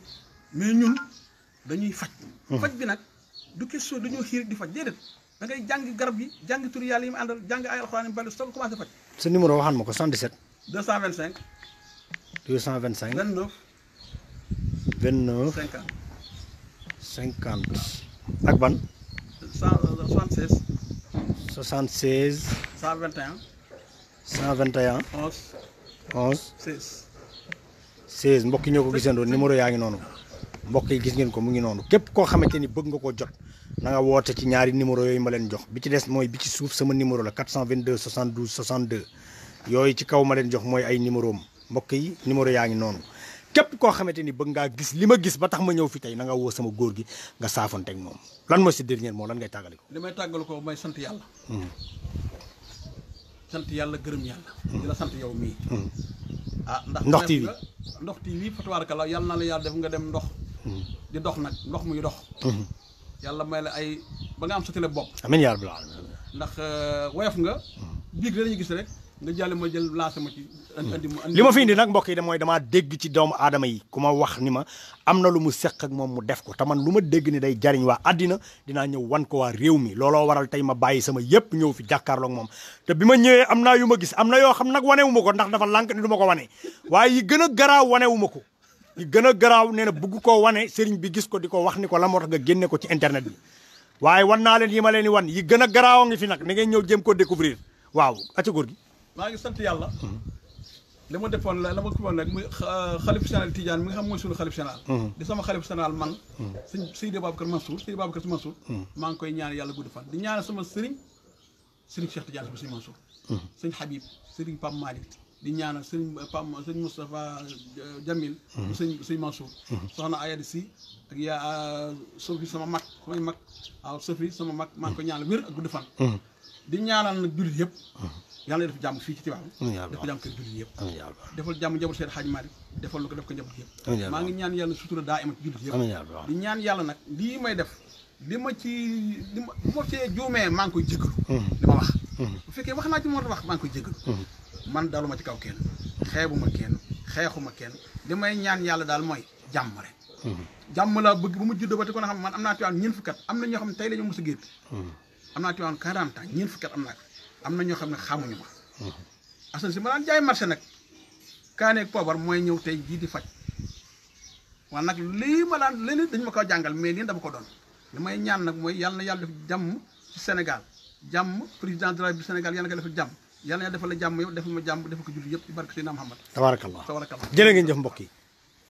mais ñun dañuy faj hmm. faj bi nag du question dañoo xiir di faj déedéet da ngay jàng garab yi jàng tur yàlla yi mu àndal jàng ay alxuraan yi mu bari soog commencé faj sa numéro waxaan ma ko 77 225 225 29 29 vingt 50 ak ban 76 76. 121. 121. 11. 11. 16. 16 mbokk yi ñoo ko gisandoo numéro yaa ngi noonu mbokk yi gis ngeen ko mu ngi noonu képp koo xamante ni bëgg nga ko jot na woote ci ñaari numéro yooyu ma leen jox bi ci des mooy bi ci suuf sama numéro la 422 72 62 yooyu ci kaw ma leen jox mooy ay numéro am mbokk yi numéro yaa ngi noonu. képp koo xamante ni bëgg ngaa gis li ma gis ba tax ma ñëw fi tey nanga woo sama góor gi nga saafoonte ak moom lan mooy si dernier moom lan ngay tàggali ko. li may tàggal ko mooy sant yàlla. Hmm. sant yàlla gërëm yàlla. Hmm. di la sant yow mii. Hmm. ah ndax ndox TV ndox TV Fatabaarkalla yàlla na la yàlla def nga dem ndox. di dox nag ndox muy dox. yàlla may la ay ba nga am sa télé bopp. amiin yaa la aalamiin. ndax euh, woyof nga. biig la dañuy gis rek. nga jàll ma jël laas ma ci. Hmm. andi li ma fi indi nag mbokk yi de mooy damaa dégg ci doomu aadama yi ku ma wax ni ma am na lu mu seq ak moom mu def ko te man lu ma dégg ni day jariñ waa àddina dinaa ñëw wan ko waa réew mi looloo waral tey ma bàyyi sama yëpp ñëw fi jàkkaarloog moom. te bi ma ñëwee am naa yu ma gis am na yoo xam nag wanewu ma ko ndax dafa lànk ni du ma ko wane waaye yi gën a garaaw wanewu ma ko. yi gën a garaaw nee na bugg koo wane sëriñ bi gis ko di ko wax ni ko la moo tax nga génne ko ci internet bi waaye wan naa leen yi ma leen wan yi gën a garaaw ngi fi nag ni ngeen ñëw jëm ko découvrir waaw acca góor maa ngi sant yàlla. li ma defoon la la ma ko rek muy xalif général Tidiane mi nga xam mooy suñu xalif général. Mm-hmm. di sama xalif général man. Mm-hmm. sëñ Seydi Babacar Mansour Seydi Babacar si Mansour. Mm-hmm. maa ngi koy ñaan yàlla gudd fan di ñaan sama sëriñ sëriñ Cheikh Tidiane si Mansour. sëñ Habib sëriñ Pape Malick di ñaanal sëñ Pam sëñ Moustapha euh, Jamil sëñ sëñ Mansour soxna Ayadi Si ak yaa euh, Sofi sama mag samay mag sama mag maa ko ñaanal ak gudd fan di ñaanal nag jullit yëpp yàlla na def jàmm fii ci Tivaouane def ko jàmm kër jullit yëpp defal jàmm njaboot seen xaaj Malick defal lu ko def ko njaboot yëpp di ñaan yàlla nag lii may def li ma ci li ma bu ma cee juumee maa ngi koy jégalu ma wax bu fekkee wax naa ci moo wax maa ngi koy jégalu man daluma ci kaw kenn xeebuma kenn xeexuma kenn li may ñaan yàlla daal mooy jàmm rek jàmm laa bëgg bu ma juddoo ba te ko na xam man am naa Tivaouane ñeent fukki at am na ñoo xam ne tey la ñu mos a génn am naa Tivaouane quarante ans ñeent am naa am na ñoo xam ne xamuñu ma. Mhm. Assane si ma daan jaay marché nag kaaneeg poobar mooy ñëw tey jii di faj waaye nag lii ma daan leneen dañ ma ko jàngal mais lii dama ko doon li may ñaan nag mooy yàlla na yàlla def jàmm ci Sénégal jàmm président de la République Sénégal yàlla nga defal jàmm yàlla na yàlla defal la jàmm yow defal ma jàmm defal ko julli yëpp ci barke a Muhammad. tabarakallah tabarakallah jërë ngeen jëf mbokk yi.